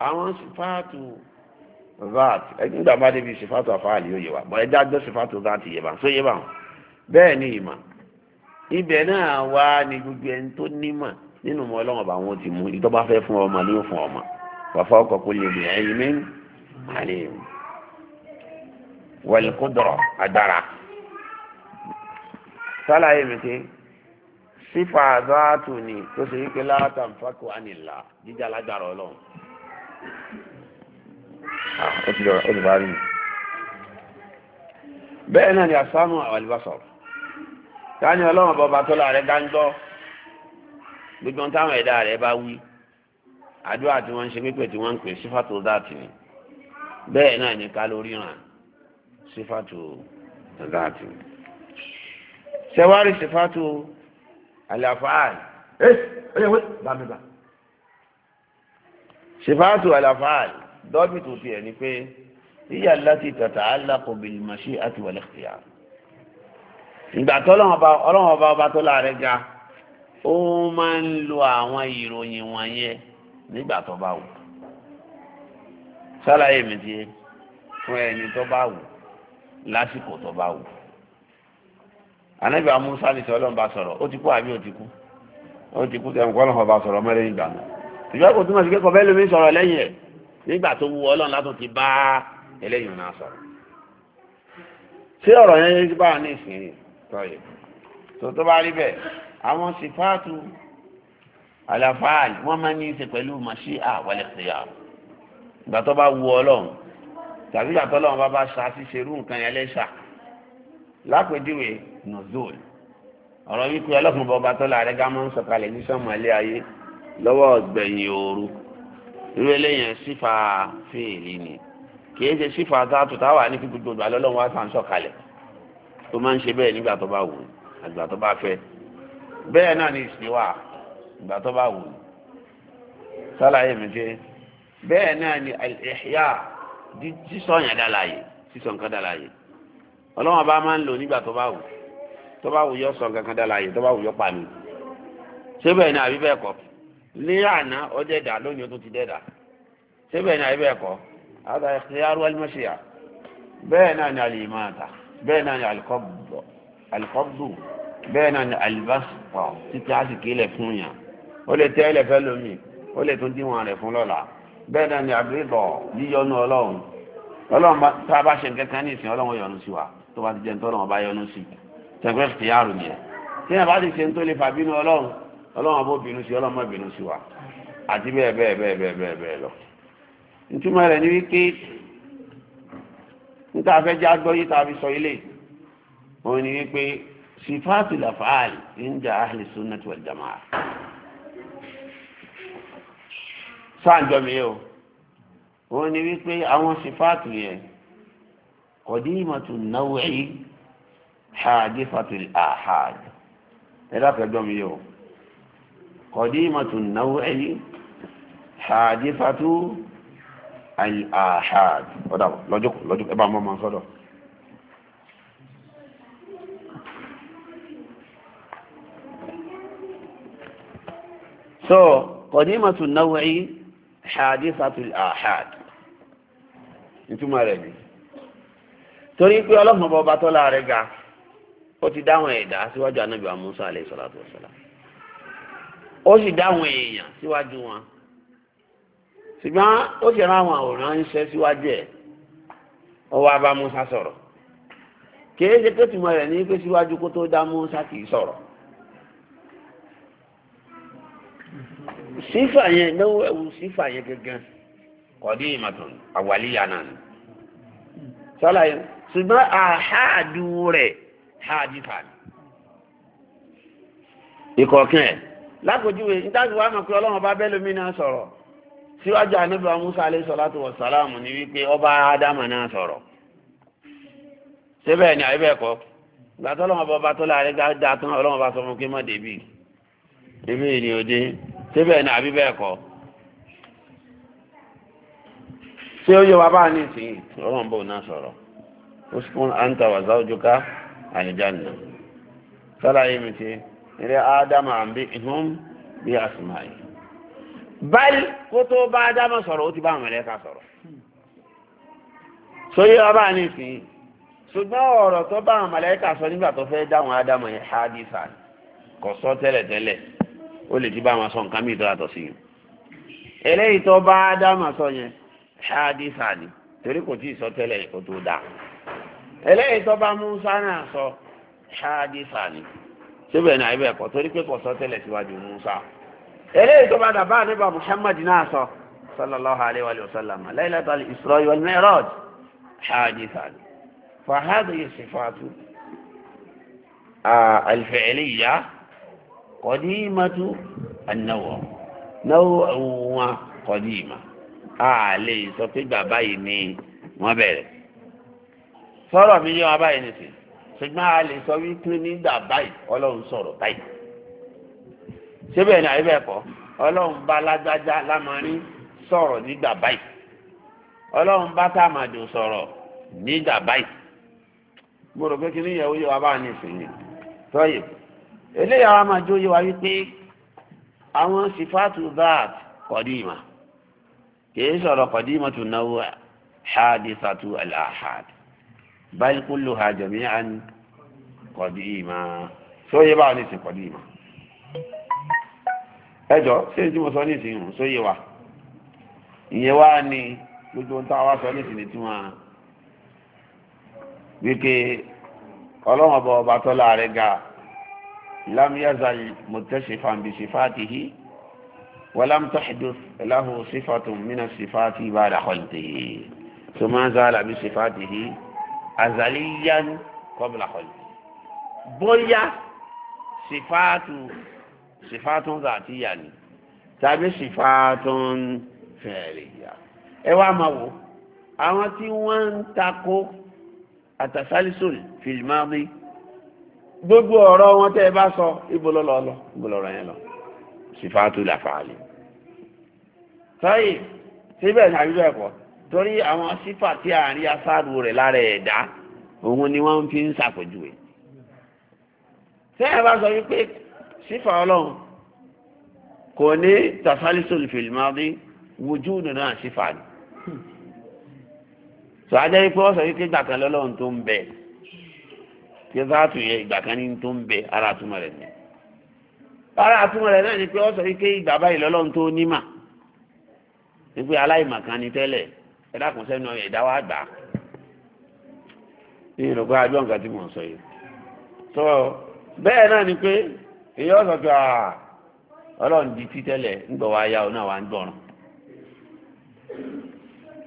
àwọn sífàtù vat nígbà bá débi sífàtù àfáàlì yóò yé wa bọ́n ẹja gbọ́ sífàtù vat yé wa só yé wa bẹ́ẹ̀ ni ìmọ̀ ibẹ̀ náà wá ní gbogbo ẹni tó nímọ̀ nínú ọmọ ọlọ́wọ́n bá wọn ti mú ìtọ́ bá fẹ́ fún ọmọ ló fún ọmọ wàfà ọkọ̀ kó lè bì ẹyin mi àlè wọlé kó dọ̀rọ̀ agbára sálàyé mi ti sífà àdáàtù ni tó ṣe wípé látàm fákò ánìlá jíjà lágbára ọlọ́run. ó ti lọ́ra ó bá rí mi. bẹ́ẹ̀ náà ni àsámù àwàlúbásọ̀rọ̀ táni ọlọ́run bọba tó láàrẹ dáńgọ́ gbogbo táwọn ẹ̀dá rẹ̀ bá wí àdúrà tí wọ́n ń ṣe pípẹ́ tí wọ́n ń pè sífàtò dáàtì ni bẹ́ẹ̀ náà ni ká lórí ràn sífàtò dáàtì. sẹ́wárí sífàtò àlàfáàl ẹ eh, ọyẹ wẹ bàmí bà ṣèfàtò àlàfáàl dọ́bì tó tiẹ̀ ni pé yíyà láti tàtà alákò bìlìmọ̀ṣí àti wal ikhtiyar ìgbà tọ́lọ́wọ́n ọba ọba tó láàrẹ ga ó máa ń lo àwọn ìròyìn wọ̀nyẹn nígbà tó bá wù sálàyé mi ti fún ẹni tó bá wù lásìkò tó bá wù anabi amusa ni sọlọ ba sọ̀rọ̀ ó ti kú àbí ó ti kú ó ti kú tẹnu kọlọ ba sọ̀rọ̀ mọ lẹ́yìn ìgbà náà ṣùgbọ́n kò túmọ̀ sí pé kọfẹ́ lómi sọ̀rọ̀ lẹ́yìn ẹ̀ nígbà tó wu ọlọ́run látò ti bá ẹlẹ́yìn náà sọ̀rọ̀ ṣé ọ̀rọ̀ yẹn yẹn ti bá wọn ní ìsìn tọ́yẹ̀ tó tó bá rí bẹ́ẹ̀ àwọn sifaatu àlàfáàlì wọ́n máa ní ṣe pẹ̀lú màṣí àwọlẹ̀ ṣìyà ìgbà tó bá wu ọlọ́run lápèjúwe nozol ọ̀rọ̀ wípé ọlọ́kùnrin bọba tó la rẹ́gá máa ń sọ̀kalẹ̀ ní sọ́mọ ilé ayé lọ́wọ́ ọ̀gbẹ̀yìn ooru irú eléyẹn sífà fèèrè ni kìí ṣe sífà tààtù táwà ní fi gbogbo àlọ́lọ́wọ́ àṣà ń sọ̀kalẹ̀ tó máa ń ṣe bẹ́ẹ̀ nígbà tó bá wù àgbà tó bá fẹ́ bẹ́ẹ̀ náà ni ìsìnwá ìgbà tó bá wù ú sálàyé mi ṣe bẹ́ẹ̀ náà ni ìhìyà sísọ yẹn dá láàyè sísọ nǹkan dá láàyè ọlọ́wọ́n bá máa ń lò nígbà tó bá wù tó bá wù yọ sọ kankan dára yìí tó bá wù yọ pa mi ṣé ni àbí bẹ́ẹ̀ kọ́ ní àná ó dẹ́dà lónìí ó tún ti dẹ́dà ṣé bẹ́ẹ̀ ni àbí bẹ́ẹ̀ kọ́ àdá ìyàrú alimọ́ṣẹ́yà bẹ́ẹ̀ náà ni alìmọ́ta bẹ́ẹ̀ náà ni alikọ́bù bẹ́ẹ̀ náà ni alibaspa títí a sì kílẹ̀ fún yàn ó lè tẹ́ ilẹ̀ fẹ́ lómi ó lè tún díwọ̀n rẹ̀ fún lọ́la bẹ́ẹ̀ náà ni àbíbọ̀ yíyọnu ọlọ́run ọlọ́run tá a bá ṣe nǹkan kan ní ìsìn ọlọ́run yọ́nú sí wa tó bá ti jẹ́ tọ́lọ̀ ọba yọnu sí tẹ̀gbẹ́ fi yàrá yẹ tí ẹ bá ti ṣe ń tó lè fà bínú ọlọ́run ọlọ́run ọbọ̀ bínú sí ọlọ́run má bínú sí wa àti bẹ́ẹ̀ bẹ́ẹ̀ bẹ́ẹ̀ bẹ́ẹ̀ bẹ́ẹ̀ bẹ́ẹ̀ lọ. ìtumọ̀ rẹ̀ ni wípé níta fẹ́ já gbọ́ yìí tá a fi sọ ilé òun ni wípé sifaatu lafaali inda ahli sunnati wal jamaa sáà jọ mi yẹ o òun ni wípé àwọn sifaatu yẹn kọ̀dímọ̀tù náwẹ̀ẹ́ ṣáàdífàtù àhàd ẹ̀dàkẹ́jọ́ mi yóò kọ̀dímọ̀tù náwẹ̀ẹ́ ṣáàdífàtù àhàd ọ̀dà lọ́jọ́kù lọ́jọ́kù ẹbá mọ́ mọ́ sọ́dọ̀ so kọ̀dímọ̀tù náwẹ̀ẹ́ ṣáàdífàtù àhàd ìtumọ̀ rẹ̀ ni torí pé ọlọ́run bọba tọ́lá rẹ̀ ga ó ti dáhùn ẹ̀dá síwájú anábì wa Musa alayhi salatu wa salam ó sì dáhùn èèyàn síwájú wọn ṣùgbọ́n ó sì rán àwọn àwòrán iṣẹ́ síwájú ẹ̀ ó wá bá Musa sọ̀rọ̀ kìí ṣe pé tìmọ̀ rẹ̀ ní pé síwájú kó tó dá Musa kìí sọ̀rọ̀ sífà yẹn lọ́wọ́ ẹ̀wù sífà yẹn gẹ́gẹ́ kọ̀dí ìmọ̀tàn àwàlíyà náà sọ́lá yẹn. ṣùgbọ́n àháàdù rẹ̀ rẹ ni ìkọ̀kan ẹ̀ lákòjúwe nítorí wàá mọ̀ pé ọlọ́run na bẹ́ẹ̀ lómi sọ̀rọ̀ síwájú musa alẹ́ sọ̀látù wọ̀ sàlámù ni wípé ọba adama náà sọ̀rọ̀ síbẹ̀ ni àyíbẹ̀ kọ́ ọlọ́run ọba tó láàrin dáadáa tán ọlọ́run sọ fún débì débì ni òde síbẹ̀ ni àbíbẹ̀ kọ́ ṣé ó yẹ bá a ní ìsìn ọlọ́run uskun anta wa zawjuka aljanna sálàyé mi ti Adama, ádámà bi bí ihun bí asùmáyé báyìí kó tó bá ti bá màláíkà sọ̀rọ̀ sóyè ọba nísìnyí ṣùgbọ́n ọ̀rọ̀ tó bá màláíkà sọ nígbà b'a fẹ́ dáhùn ádámà yẹn hádìsà kò sọ tẹ́lẹ̀tẹ́lẹ̀ ó ti bá wọn sọ nǹkan mìíràn yàtọ̀ sí i eléyìí tó bá ádámà sọ yẹn ni torí kò tí tẹ́lẹ̀ tó dáa. eléyìí tó bá Musa náà sọ ṣáájú sani síbẹ̀ náà ibẹ̀ kọ́ torí pé kò sọ tẹ́lẹ̀ síwájú Musa eléyìí tó bá dàbá nípa Muhammad náà sọ sallallahu alayhi wa sallam laylatul Isra wal Mi'raj ṣáájú sani fahadhi sifatu alfi'liya qadimatu an-nawawi nawawi wa qadima a lè sọ pé bàbá yìí ni wọ́n bẹ̀rẹ̀ sọ̀rọ̀ mi yọ abáyé nìsí ṣùgbọ́n a lè sọ wípé nígbà báyìí ọlọ́run sọ̀rọ̀ báyìí síbẹ̀ ní àyíbẹ̀ kọ́ ọlọ́run bá lágbájá lámarin sọ̀rọ̀ nígbà báyìí ọlọ́run bá tàmàdò sọ̀rọ̀ nígbà báyìí mo rò pé kí ni ìyẹ̀wò yóò wá bá ní ìsìn yìí tọ́yì eléyàwó a máa jó yé wa wípé àwọn sifátù zaat kọ̀dìmà kì í sọ̀rọ̀ kọ̀dìmà tó náwó hadisatu al bal kulluha jami'an qadima sóyè báwọn ní ìsìn qadima ẹjọ́ ṣé tí mo sọ ní ìsìn ìrùn sóyè wa ìyẹn wá ní gbogbo ohun táwa sọ ní ìsìn tí wọn wípé ọlọ́wọ́n bọ̀ ọba tọ́lá rẹ̀ ga lam yazal mutashifan bi sifatihi wa lam tahdus lahu sifatun min as-sifati ba'da khalqihi thumma zala bi sifatihi azaliyan kọ́bìlà kọ́lì bóyá sifaatu sifaatu zàtìyà ni tàbí sifaatu fẹ̀rẹ̀yà ẹ wá máa wò àwọn tí wọ́n ń takò àtàsálísùn fìlìmáàmì gbogbo ọ̀rọ̀ wọn tẹ́ ẹ bá sọ ibo lọ́lọ́ lọ ibo lọ́rọ̀ yẹn lọ sifaatu làfààlì. sọ́yìn síbẹ̀ ní àbíbẹ̀ torí àwọn sífà tí a rí asáàdù rẹ̀ lára ẹ̀dá òun ni wọ́n fi ń ṣàpèjúwe sẹ́yìn bá sọ wípé sífà ọlọ́run kò ní tasalisul fil madi wujudu náà sífà ni sọ ajẹ́ wípé wọ́n sọ wípé ìgbà kan lọ́lọ́run tó ń bẹ tí záàtù yẹ ìgbà kan ní tó ń bẹ ara àtúmọ̀ rẹ̀ ni ara àtúmọ̀ rẹ̀ náà ni pé wọ́n sọ wípé ìgbà báyìí lọ́lọ́run tó nímà wípé aláìmọ̀kan ni tẹ́lẹ̀ ẹ dákun sẹ́nu ẹ̀dá wa gbà ní ìlú ajọ́ nǹkan tí mò sọ yìí tó bẹ́ẹ̀ náà ni pé èyí ọ̀sọ̀ pé ọlọ́run di títẹ́lẹ̀ ńgbọ̀ wá ọ náà ń gbọ̀ràn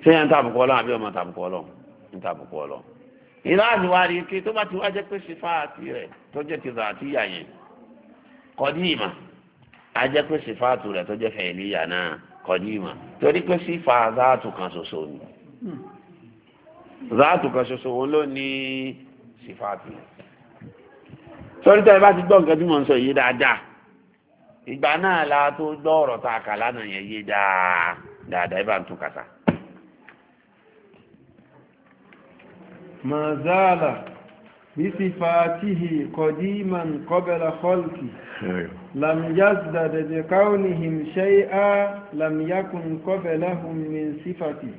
sẹ́yìn tàbùkù ọlọ́run àbí ọmọ tàbùkù ọlọ́run tàbùkù ọlọ́run ìlà ike tó bá ti wá jẹ́ pé rẹ̀ tó jẹ́ ti rà àti ìyà yẹn kọ́ ìmọ̀ jẹ́ pé kọ̀dímà torí pé sífà záàtù kan ṣoṣo ni záàtù kan ṣoṣo wọn ló ní sífà tì sọ́rí tẹ́lẹ̀ bá ti gbọ́ nǹkan tí mo ń sọ yìí dáadáa ìgbà náà la tó gbọ́ ọ̀rọ̀ tá a kà lánàá yẹn yé dáadáa ibà ń tún kàtà. màzáàlà بصفاته قديما قبل خلقه لم يزدد بكونهم شيئا لم يكن قبلهم من صفته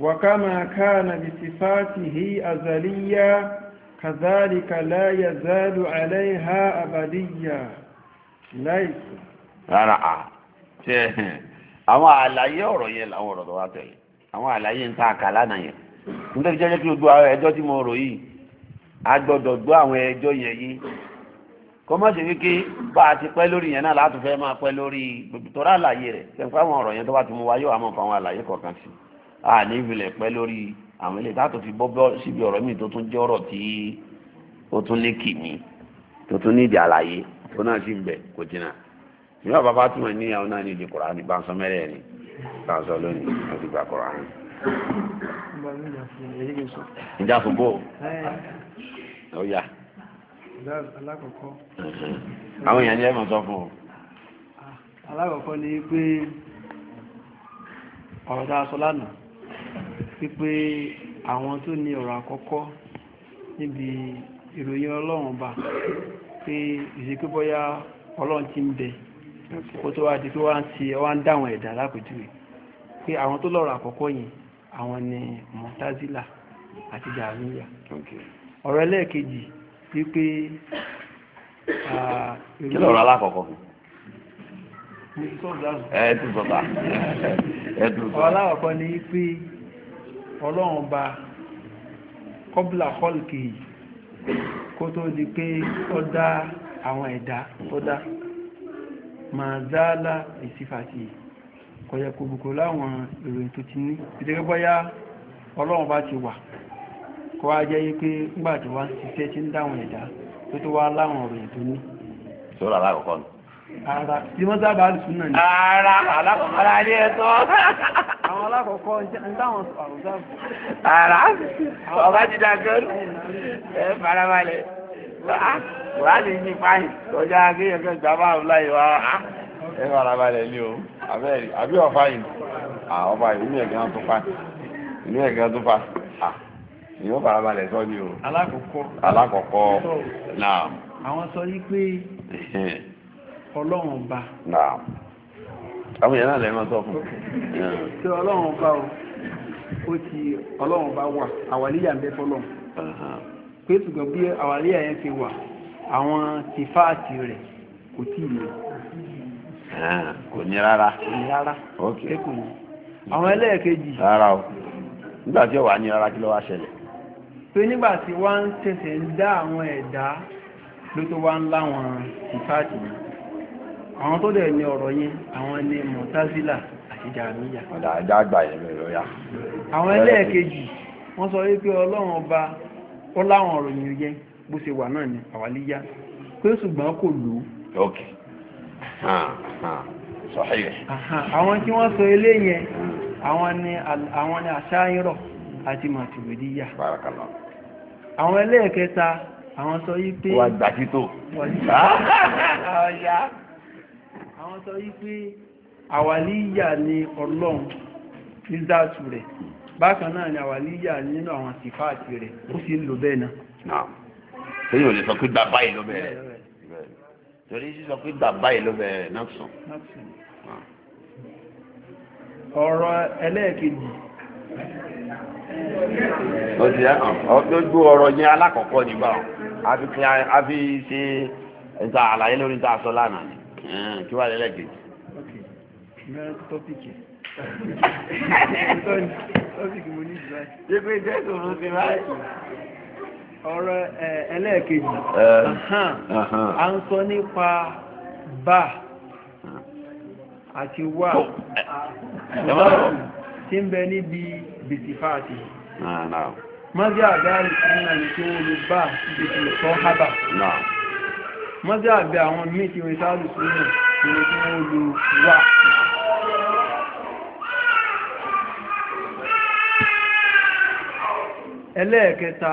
وكما كان بصفاته أزليا كذلك لا يزال عليها أبديا ليس رأى àwọn àlàyé ọ̀rọ̀ yẹn làwọn ọ̀rọ̀ tó wá tẹ̀lé àwọn àlàyé ń ta àkàlà náà yẹn nítorí jẹ́jẹ́ kí o gbọ́ ẹjọ́ tí mo rò yìí a gbọ́dọ̀ gbọ́ àwọn ẹjọ́ yẹn yìí kọ́mọ́sí wíkí bá a ti pẹ́ lórí yẹn náà láti fẹ́ máa pẹ́ lórí tọ́ra àlàyé rẹ̀ yẹn tó bá ti mú wa yóò àmọ́ a ní ìfilẹ̀ pẹ́ lórí àwọn ilé táàtò fi bọ́ bọ́ síbi ọ̀rọ̀ míì tó tún jẹ́ ọ̀rọ̀ tí ó tún kì mí tó tún àlàyé tó náà sì ń kò ní àwọn náà ìjà àsùnbò ọ̀yà. àwọn èèyàn ni ẹ máa sọ fún ọ. Ah, alákọ̀ọ́kọ́ ni pé ọ̀rọ̀ tá a sọ lánàá wípé àwọn tó ní ọ̀rọ̀ àkọ́kọ́ níbi ìròyìn ọlọ́run ọba pé ìṣèké bóyá ọlọ́run ti ń bẹ kó tó wá di pé wá ń dá ẹ̀dá lápèjúwe pé àwọn tó lọ́rọ̀ àkọ́kọ́ yẹn àwọn ni mọ̀tázílà àti jàmíyà ọ̀rọ̀ ẹlẹ́ẹ̀kejì wípé kí lọ́rọ̀ alákọ̀ọ́kọ́ fún ẹ̀ẹ́dù sọ́tà ọ̀rọ̀ alákọ̀ọ́kọ́ ni wípé ọlọ́run ọba kọ́bùlà kọ́lùkì kó tó di pé ó dá àwọn ẹ̀dá tó dá màá dáálà ìsífàtì yìí kọ̀yẹ kò bùkù láwọn ìròyìn tó ti ní ìdẹ́gẹ́ bọ́yá ọlọ́run bá ti wà kọ́ wá jẹ́ pé nígbà tí wọ́n ti ṣiṣẹ́ tí ń dáwọn ẹ̀dá tó tó wá láwọn ìròyìn tó ní. sọ́rọ̀ alákọ̀ọ́kọ́ ni ara tí wọ́n sábà ń sún náà ni. ara alákọ̀ọ́kọ́ la ni ẹ̀tọ́. àwọn alákọ̀ọ́kọ́ ń dáwọn àrùdá. ara ọba ti dàgbẹ́rù ẹ farabalẹ̀ wàá ah, lè yí fáyìn kọjá akéyọ̀kẹ́ gbàmọ́ àbúláyé wa ẹ fara balẹ̀ ní o àbí ọ̀fà yìí ọba yìí inú ẹ̀gán tó fa inú ẹ̀gán tó fa ni ó fara balẹ̀ sọ ní o. alákọ̀ọ́kọ́ alákọ̀ọ́kọ́ náà. àwọn sọ yí pé ọlọ́run ba. náà àwọn yẹn náà lè máa sọ fún un. ṣé ọlọ́run bá o ó ti ọlọ́run bá wà àwàlíyà ń bẹ fọlọ́run pé ṣùgbọ́n bí àwàlíyà yẹn ti wà àwọn tìfáàtì rẹ̀ kò tí ì lè kò ní rárá ok àwọn ẹlẹ́ẹ̀kejì rárá o nígbà tí ó wà ní rárá kí ló wá ṣẹlẹ̀ pé nígbà tí wá ń tẹ̀sẹ̀ ń dá àwọn ẹ̀dá ló tó wá ń láwọn ìfáàtì àwọn tó dẹ̀ ní ọ̀rọ̀ yẹn àwọn ni mọ̀tázílà àti jàmíyà ọ̀dà ẹ̀dá àgbà yẹn lọ yá àwọn ẹlẹ́ẹ̀kejì wọ́n sọ wípé ọlọ́run ọba ó láwọn ọ̀rọ̀ yẹn bó ṣe wà náà ni àwálíyá pé ṣùgbọ́n kò lò ó àwọn tí wọ́n sọ ilé yẹn àwọn ni àṣáyírọ̀ àti màtìwìdíyà àwọn ẹlẹ́ẹ̀kẹta àwọn sọ yí pé wà gbàtítò ah! àwọn sọ yí pé àwàlíyà ni ọlọ́run ní záàtù rẹ̀ bákan náà ni àwàlíyà nínú àwọn sífáàtì rẹ̀ ó sì ń lò bẹ́ẹ̀ náà. ṣé yóò lè sọ pé bàbá ìlú bẹ́ẹ̀ torí sísọ pé bàbá yìí ló bẹ̀rẹ̀ náà sùn. ọ̀rọ̀ ẹlẹ́ẹ̀kejì. ó ti hàn lójú ọ̀rọ̀ yẹn alákọ̀ọ́kọ́ ní báwọn a fi ṣe ìta àlàyé lórí ìta aṣọ lánàá ni kí wàá lẹ́lẹ́kejì. ṣé pé jésù ló ti ráyè. ọrọ ẹlẹ́ẹ̀kejì a ń sọ nípa bá àti wà tí ń bẹ níbi bìtìfáàtì mọ́sí àbẹ́ àìsànà ní tí bá bìtì sọ hábà mọ́sí àbẹ́ àwọn míì tí wọ́n sáàlù sínú tí wọ́n wà ẹlẹ́ẹ̀kẹta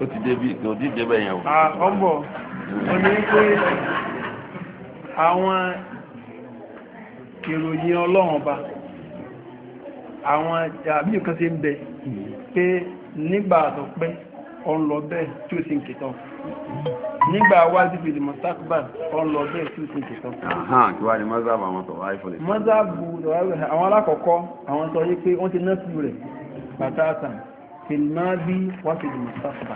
ó ti débi kò tí ì débẹ̀ yẹn o. ọ̀bọ̀ ó ní pé àwọn ìròyìn ọlọ́run ọba àwọn àbí nǹkan ṣe ń bẹ pé nígbà àtọ̀pẹ́ ọlọ bẹ́ẹ̀ tí ó sì ń kìtọ́ nígbà wájú bìí mọ̀sákùbà ọlọ bẹ́ẹ̀ tí ó sì ń kìtọ́. kí wàá ní mọ́sáàbù àwọn tọ̀wá ìfọ̀lẹ̀. mọ́sáàbù àwọn alákọ̀ọ́kọ́ àwọn sọ yí pé wọ́n ti nọ́ọ̀sì rẹ̀ bàtà fìlmábí wáfìlì mustapha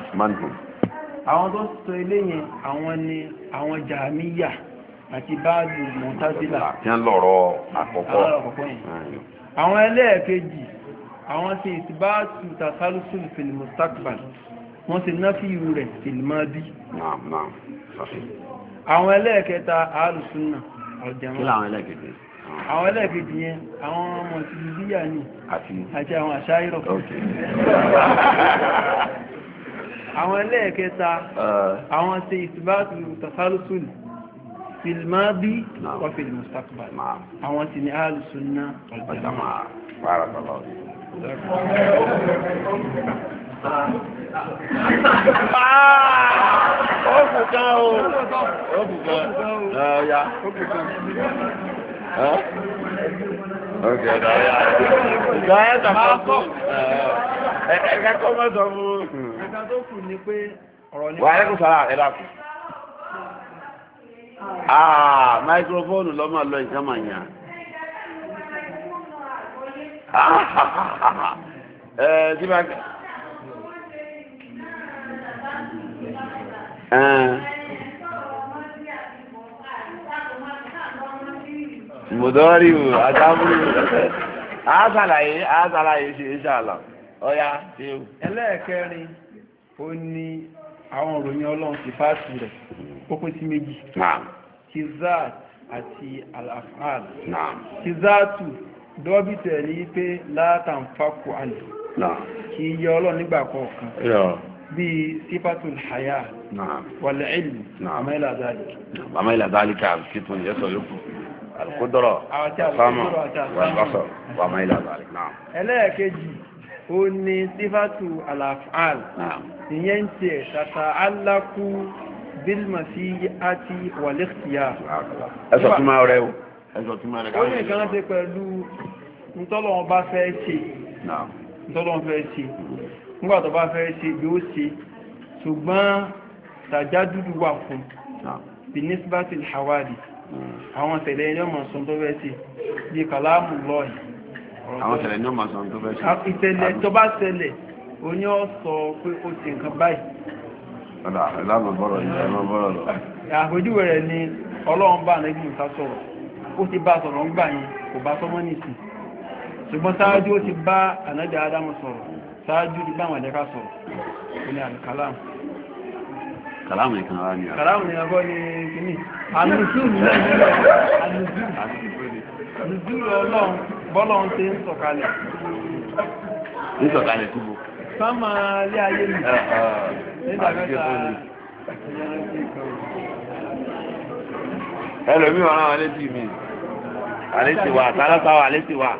àwọn tó sọ eléyìn àwọn ni àwọn jàmíyà àti báàdù mọ̀tásílà tí ń lọ́rọ̀ àkọ́kọ́ àwọn ẹlẹ́ẹ̀kejì àwọn tí ìsìbáàtù tàtàlùsùn fìlì mustapha wọ́n ti ná fíìrù rẹ̀ fìlmábí àwọn ẹlẹ́ẹ̀kẹta àlùsùn náà ọ̀jẹ̀mọ́ àwọn ẹlẹ́ẹ̀kejì yẹn àwọn ọmọ ìsìnkú bíyà ní àti àwọn àṣáyírọ̀ àwọn ẹlẹ́ẹ̀kẹta uh. àwọn ṣe ìsìbáàtù tasalusul filmabi wa fil mustaqbal àwọn ti ní alùsùnà ọjọ́mà Ah! Ó kù kan ó. Ó kù kan. Ó kù kan ọ̀kẹ́ ọ̀dàrẹ́ àti ìdáyẹ̀ tàbátọ̀ ẹ̀ka kọ́ mọ́tọ̀ fún un. ẹ̀ka hmm. tó kù ni pé ọ̀rọ̀ nípa. wà á lẹ́kùn sára ẹ̀dá kù. aa máikrófóònù lọ́mọ lọ nǹkan mà yàn. ẹ eh, tí eh. mùdọ́rì wò àtàbùrù àásàlàyé àásàlàyé ṣe ìṣàlà ọ̀yà ṣe o. ẹlẹ́ẹ̀kẹrin ó ní àwọn òròyìn ọlọ́run ti fáàtì rẹ̀ ó pín sí méjì kizat àti alafal kizatu dọ́bìtẹ̀ ní pé látàǹfàkù àlè kì í yẹ ọlọ́run nígbà kọ̀ọ̀kan bíi sífàtún hayá wàlẹ̀ ìlú àmọ́ ìlà dálíkà àmọ́ ìlà dálíkà àti yókù alukódọ́rọ̀ àfámọ̀ wàlúwàsọ̀ wàmà ilà àlàlẹ̀ náà. ẹlẹ́ẹ̀kejì ó ní sífàtù àlàfààl ìyẹn tiẹ̀ tata aláku bílmàsí àti wàlẹ́kìyà. ẹ sọ tún máa rẹ o ẹ sọ tún máa rẹ. ó ní nǹkan ṣe pẹ̀lú ntọ́lọ́wọ́n bá fẹ́ ṣe ntọ́lọ́wọ́n fẹ́ ṣe nígbà tó bá fẹ́ ṣe yóò ṣe ṣùgbọ́n tàjá dúdú wà àwọn tẹ̀lé ẹni ọmọ sọ tó fẹ́ sí bí kàlámù lọ́ọ̀yì àwọn tẹ̀lé ẹni ọmọ sọ tó fẹ́ sí ìtẹ̀lẹ̀ tó bá ṣẹlẹ̀ o ní ọ sọ pé o ti nǹkan báyìí àpèjúwe rẹ̀ ni ọlọ́run bá nẹ́gbì Mùsá sọ̀rọ̀ ó ti bá sọ̀rọ̀ ń gbà yẹn kò bá sọmọ́ nìsí ṣùgbọ́n sáájú ó ti bá ànábì Ádámù sọ̀rọ̀ sáájú ti bá àwọn ẹ̀dẹ́ká sọ̀rọ̀ ó ní àlùkàlámù kàlámù nìkan rá ní àgbọ́ ní kìíní ànùzúlù náà nílẹ̀ ànùzúlù ọlọ́run bọ́lọ́run ṣe ń sọ̀kalẹ̀. ń sọ̀kalẹ̀ kúbo. sámà alẹ́ ayé mi. ẹlòmíì wọn náà alẹ́ tì mí alẹ́ tì wá tálátà wà alẹ́ tì wá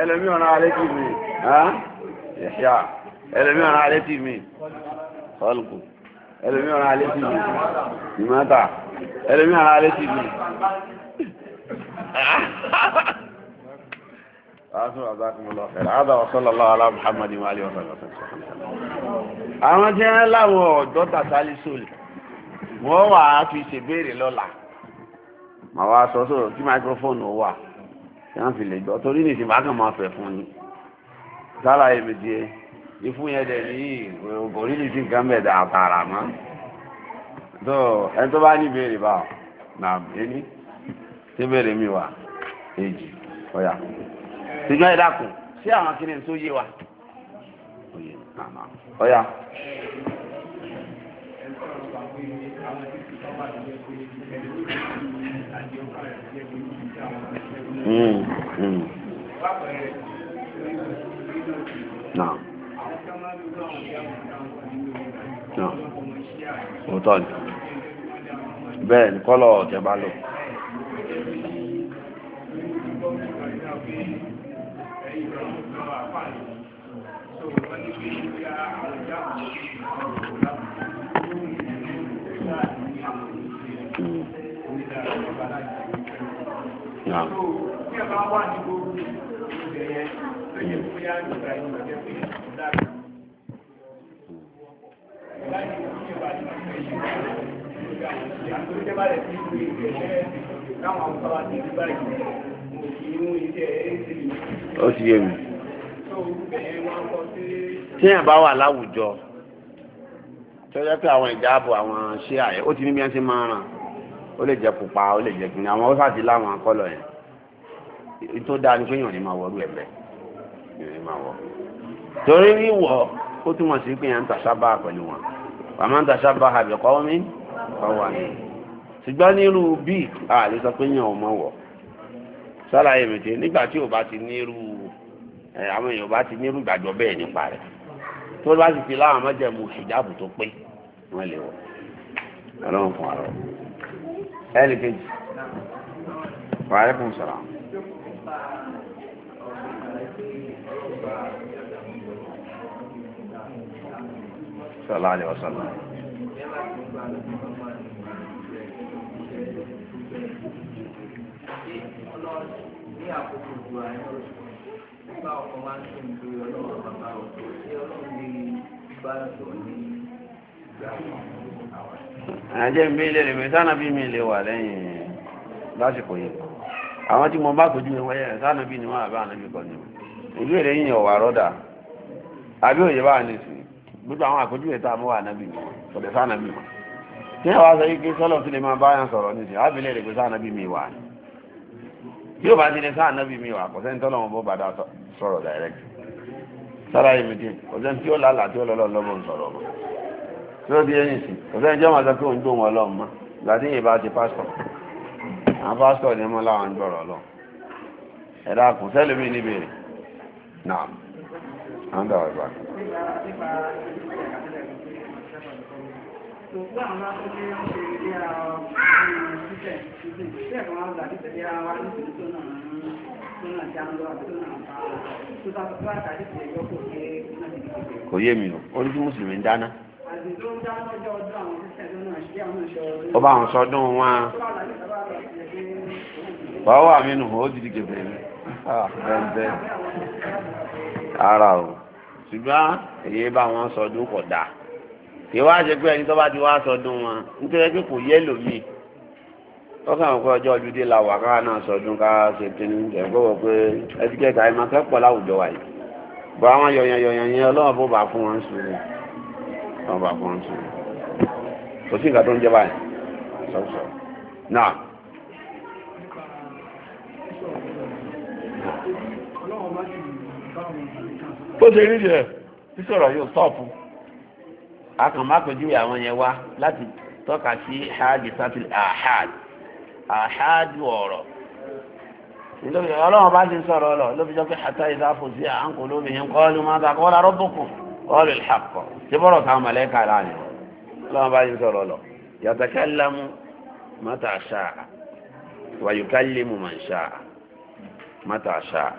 ẹlòmíì wọn náà alẹ́ tì mí ẹlòmíì wọn náà alẹ́ ẹlòmí ọ̀rọ̀ alẹ́ ti bì ìmọ̀ta ẹlòmí ọ̀rọ̀ alẹ́ ti bì. Àwọn tí wọ́n láwọn ọ̀dọ́ tàtàlí sólì, wọ́n wà á fi ṣèbéèrè lọ́la. Màá wá sọ sọ̀rọ̀ tí máikrófóònù wà, tí wọ́n fi lè gbọ́ torí nìsín bá kàn máa fẹ̀ fún yín. Sálàyé mi díẹ̀ ìfún yẹn dẹ̀ ní gòrílì eh, tí nǹkan bẹ̀ dà àtàrà mọ́ tó ẹni tó bá ní ìbéèrè bá ọ nà ẹni tí ìbéèrè mi wà èjì ọ̀yà ṣùgbọ́n ẹ dákun sí àwọn kìnìún tó yé wa ọ̀yà. Mm, mm. Now. gan òótọ́ ni bẹ́ẹ̀ ni kọ́lọ̀ ọ̀tẹ̀ bá lò. Yeah. iṣẹ́ bá rẹ̀ sí ìlú ìṣẹ́ táwọn àwọn sábà ti rí báyìí mo sì ń iṣẹ́ ẹ̀ẹ́sì mi. ó ti yé mi. téèyàn bá wà láwùjọ tọ́jọ́ pé àwọn ìjáàbò àwọn ṣé àyẹ ó ti ní bí wọ́n ṣe máa ràn ó lè jẹ́ pupa ó lè jẹ́ gbìn àwọn ó sàti láwọn akọ́lọ̀ yẹn tó dáa ni pé èèyàn ní máa wọlú ẹ̀bẹ̀ èèyàn ní máa wọ. torí wíwọ̀ ó túmọ̀ sí pé èèyàn ń tàṣábà pẹ̀lú wọn wàá máa ń tàṣábà àbẹ̀kọ́ omi ọ̀wà ni ṣùgbọ́n nírú bí àlè sọ pé yàn ọmọ wọ̀ sálàyé mi ti nígbà tí ò bá ti nírú àwọn èèyàn bá ti nírú ìgbàgbọ́ bẹ́ẹ̀ nípa rẹ̀ tó bá sì ti láwọn mọ́jẹ̀mú ìjáàbù tó pé wọ́n lè wọ̀ ọlọ́run fún àrọ̀ ẹnì kejì wàhálà fún sọ̀rọ̀. sallallahu alaihi wasallam ní àkókò ju àyàn ọ̀sùn nígbà ọkọ̀ máa ń sìn lórí ọlọ́run bàbá ọ̀tọ̀ tí ọlọ́run ní bá sọ ní ìgbà àwọn. àjẹ́ mi lè rìn sánà bí mi lè wà lẹ́yìn lásìkò yẹn àwọn tí mo bá kojú wọn wáyé sánà bí ni wọn àbá ànábì kan ni ìlú èrè yìnyín ọ̀wà rọ́dà àbí òye bá ní sí gbogbo àwọn àkójú ẹ̀ta àmúwà ànábì mi ọ̀dẹ̀ sánà mi tí sọ yìí kí tí lè máa bá yàn pé mi wà bí ó bá ti ní sáà nábì mi wà kọ̀sẹ́ nítorí wọn bó bàdá sọ̀rọ̀ direct sára yìí ti kọ̀sẹ́ tí ó lálà tí ó lọ́lọ́ lọ́bọ̀ ń sọ̀rọ̀ mọ́ tí ó di ẹ̀yìn sí kọ̀sẹ́ ìjọ máa sọ pé òun gbóhùn ọlọ́run mọ́ láti yìí bá ti pásítọ̀ àwọn pásítọ̀ ni mọ́ láwọn ń gbọ̀rọ̀ lọ ẹ̀dá kù sẹ́lẹ̀ mi níbi rẹ̀ náà kò yé mi o ó ní kí mùsùlùmí ń dáná ó bá àwọn sọdún wọn wà wà mínú ó dìdí gẹ̀gẹ̀ mi ah, bẹ́ẹ̀ ara o ṣùgbọ́n èyí bá wọn sọdún kò dáa ìwà àṣepé ẹni tó bá ti wá sọdún wọn nítorí pé kò yẹ lòmíì tọ́ka àwọn ọjọ́ ojúdé la wà káà náà sọdún ká ṣe tẹnu ẹ̀gbọ́n pé ẹtíkẹ́tì àìmọ̀ kẹ́pọ̀ láwùjọ wáyé bọ́ àwọn yọ̀yàn yọ̀yàn yẹn ọlọ́run bó bá fún wọn sùn wọn bá fún wọn sùn kò sí nǹkan tó ń jẹ báyìí sọ̀rọ̀sọ̀rọ̀ náà. ó ṣe rí yẹ sísọ̀rọ̀ yóò sọ̀fù. akànmápẹ̀júwe àwọn yẹn wá láti tọ́ka sí haadi sátìlì ahad ahad ọ̀rọ̀ ọlọ́run bá ti sọ̀rọ̀ lọ ló fi jọ pé hàtà ìdáfò sí à ń kò lóbi ma kọ́ ló máa ta kọ́ lárọ́ bùkún ọ̀rọ̀ ìhàkọ́ tí bọ́rọ̀ sha'a wa yukallimu man sha'a mata sha'a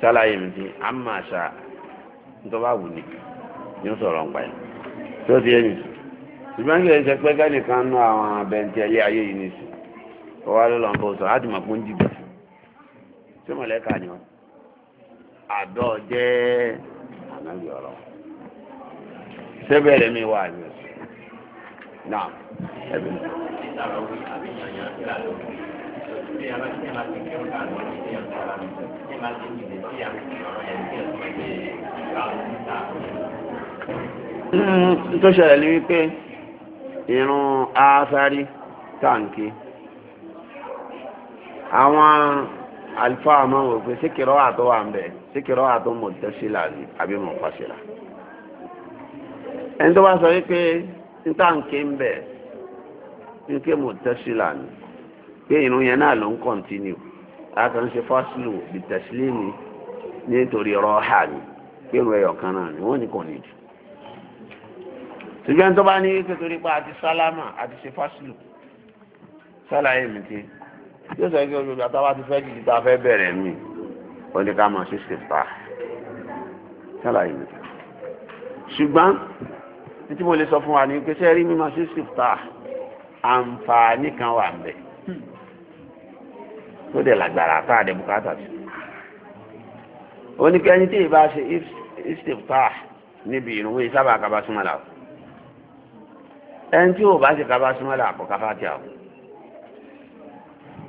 sha'a tó ti ẹni ṣùgbọ́n kí lè ṣe pé ká nìkan nú àwọn abẹ́ntì ẹlẹ́ ayé yìí ní sí ọwọ́ lọ́lọ́ ń bọ̀ sọ láti mọ̀ pé ń dìbò ṣé mọ̀lẹ́ka ni ọ àdọ́ jẹ́ ànábì ọ̀rọ̀ sẹ́bẹ̀rẹ̀ mi wà ní ọ̀sẹ̀ náà ẹ̀bí Thank you. Mm, tó ṣẹlẹ̀ ní wípé irun aásárì táǹkì àwọn alifáà máa ń wò pé síkìrọ́ àtọ́ wà ń bẹ̀ síkìrọ́ àtọ́ mọ̀tẹ́sílà ni àbí mọ̀fàṣílà ẹni tó bá sọ wípé táǹkì ń bẹ̀ ní pé mọ̀tẹ́sílà ni pé irun yẹn náà ló ń kọ́ntínú látàn ṣe fásilù bìtẹ̀sílì ni nítorí ọ̀rọ̀ ọ̀hà ni pé irun ẹyọ kan náà ni wọ́n ní kò nídìí ṣùgbọ́n tó bá ní nítorí pé àti sálámà àti ṣe fásilù sálàyé mi ti yóò sọ pé olùdó àtàwọn ti fẹ́ jìjì tá a fẹ́ bẹ̀rẹ̀ mi ó ní ká máa ṣe ṣe fà á sálàyé mi ti ṣùgbọ́n títí mo lè sọ fún wa ní pé sẹ́rí mi máa ṣe àǹfààní kan wà ń bẹ̀ tó dẹ̀ lágbára tá a dẹ̀ bùkátà sí oníkẹ́ni tí ì bá ṣe ìṣèfà níbi ìrùwé sábà kaba súnmọ́ làwọn. ẹni tí ò bá ṣe tí a o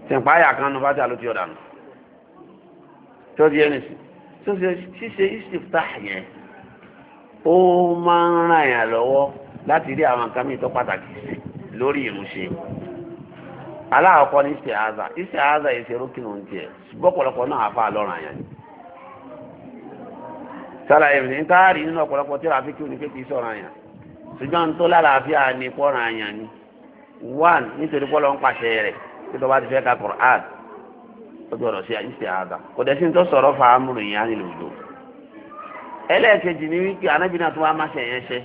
tẹ̀pá kan ló ti ọ̀dà nù tó di ẹni tó ṣe ṣíṣe ìṣèfúta yẹn ó máa ń ràn yàn lọ́wọ́ láti rí àwọn nǹkan mìíràn tó pàtàkì lórí ìmúṣe aláàkọ́ ní ìṣe àzà ìṣe àzà ìṣe rókìnà oúnjẹ ṣùgbọ́n ọ̀pọ̀lọpọ̀ náà àfa yẹn sálàyé mi ní táàrí nínú ọ̀pọ̀lọpọ̀ tí ṣùgbọ́n tó lálàáfíà ni pọ́nrán àyàn ni one nítorí pọ́lọ́ ń pàṣẹ rẹ̀ kí tó bá ti fẹ́ ka Qur'an ó gbọ́dọ̀ ṣe àyíṣe àdá kò dẹ̀ sí ní tó sọ̀rọ̀ fa amúrò yẹn á nílò òjò ẹlẹ́ẹ̀kejì ni wípé anábìnrin àti wọn á má ṣe yẹn ṣe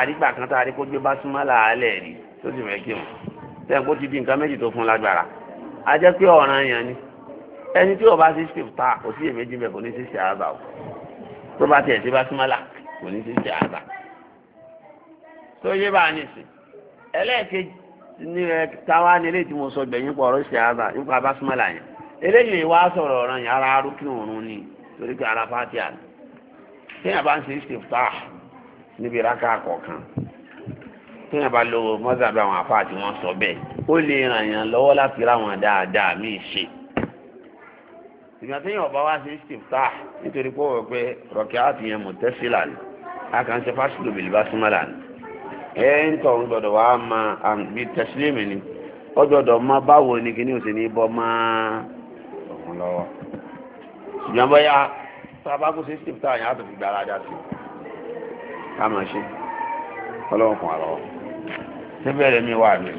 àrígbà kan tá a rí kó gbé bá súnmọ́ làálẹ̀ rí tó sì fẹ́ kí wọn tẹ́yìn kó ti di nǹkan méjì tó fún lágbára a jẹ́ pé ọ̀ràn yẹn ni ẹni tí ọba sí script ta kò sí èméjì bẹ̀ kò ní sí ṣe àdá o tó bá tiẹ̀ sí bá súnmọ́ là kò ní sí ṣe àdá tó yé bá a ní sí ẹlẹ́ẹ̀kejì ní ẹ táwa ní eléyìí tí mo sọ gbẹ̀yìn pọ̀ ọ̀rọ̀ ṣe àbá nípa basmala yẹn eléyìí wá sọ̀rọ̀ ọ̀ràn yẹn ara arúgbìn òrun ni torí pé ara fati à téèyàn bá ń ṣe istiftah níbi raka kọ̀ọ̀kan téèyàn bá lo mọ́sàbí àwọn afá tí wọ́n sọ bẹ́ẹ̀ ó lè ràn yàn lọ́wọ́ láti ráwọn dáadáa míì ṣe ìgbà téèyàn ọba wá ṣe istiftah nítorí pé ó wọ a kàn ń ṣe fásitì lòbìlì basmala ẹ̀ńtọ̀ ń gbọ́dọ̀ wá máa àbí tẹ̀sílẹ̀mì ni ó gbọ́dọ̀ má báwo ni kí ní òsì ní bọ́ máa òun lọ́wọ́ ṣùgbọ́n bóyá sábàkú sí steve táwọn yàtọ̀ fi gbára dá sí ká máa ṣe ọlọ́run kan àlọ́ síbẹ̀ rẹ̀ mi wà mí.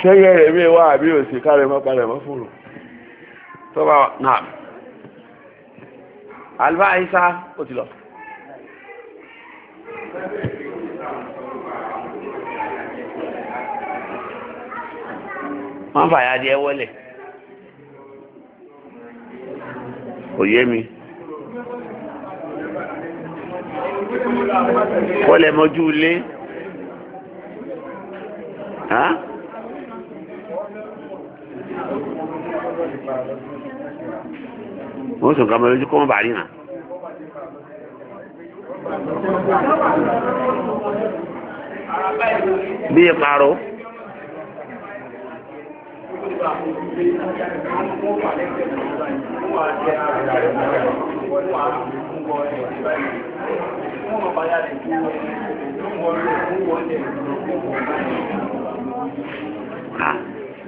ṣẹ́yẹ́ rẹ̀ mi wà mí òsì ká mọ́ palẹ̀ mọ́ fòrò tó náà. àlùfáà àyíṣà ó ti lọ. wọ́n fàyà di ẹwọ́lẹ̀ kò yé mi kọ́lẹ̀ mọ́jú ilé Huh? wọ́n sùn kàmọ́ lójú kó wọ́n bá rí nà. bí ìparọ́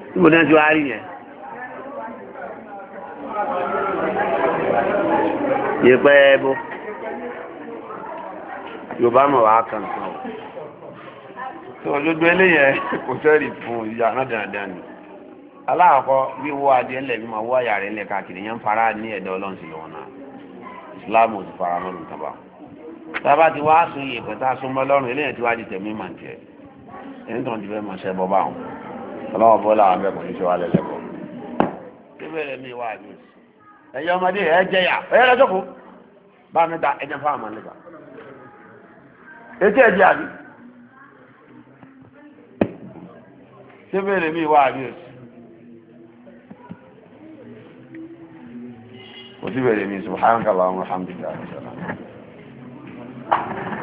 Ah, ibo ni wọ́n ti yẹpẹ́ ẹbú yorùbá mọ̀ wá kàn kan tó gbogbo eléyẹ kò sẹ́rì fún ìyá náà dandan ni aláàkọ́ wíwọ́ adé ńlẹ̀ wọ́ ńlẹ̀ káàkiri yẹn ń fara ní ẹ̀dọ́ ọlọ́run sí lọ́wọ́ náà ìsìláàmù ti fara mọ́ nǹkan bá tábà ti wá sún tá a sún mọ́ lọ́rùn eléyẹ ti wá di tẹ̀mí tiẹ̀ ẹni tó ń ti fẹ́ bọ́ ẹ̀yẹ ọmọdé ẹ̀ jẹyà ẹ̀yẹ lọ́jọ́ kó bá mi da ẹ̀jẹ̀ fún àmọ́ nígbà etí ẹ̀jẹ̀ àbí ṣé bẹ́ẹ̀rẹ̀ mi wá àbí òsì òsì bẹ́ẹ̀rẹ̀ mi subhanahu wa ta'ala alhamdulilayi.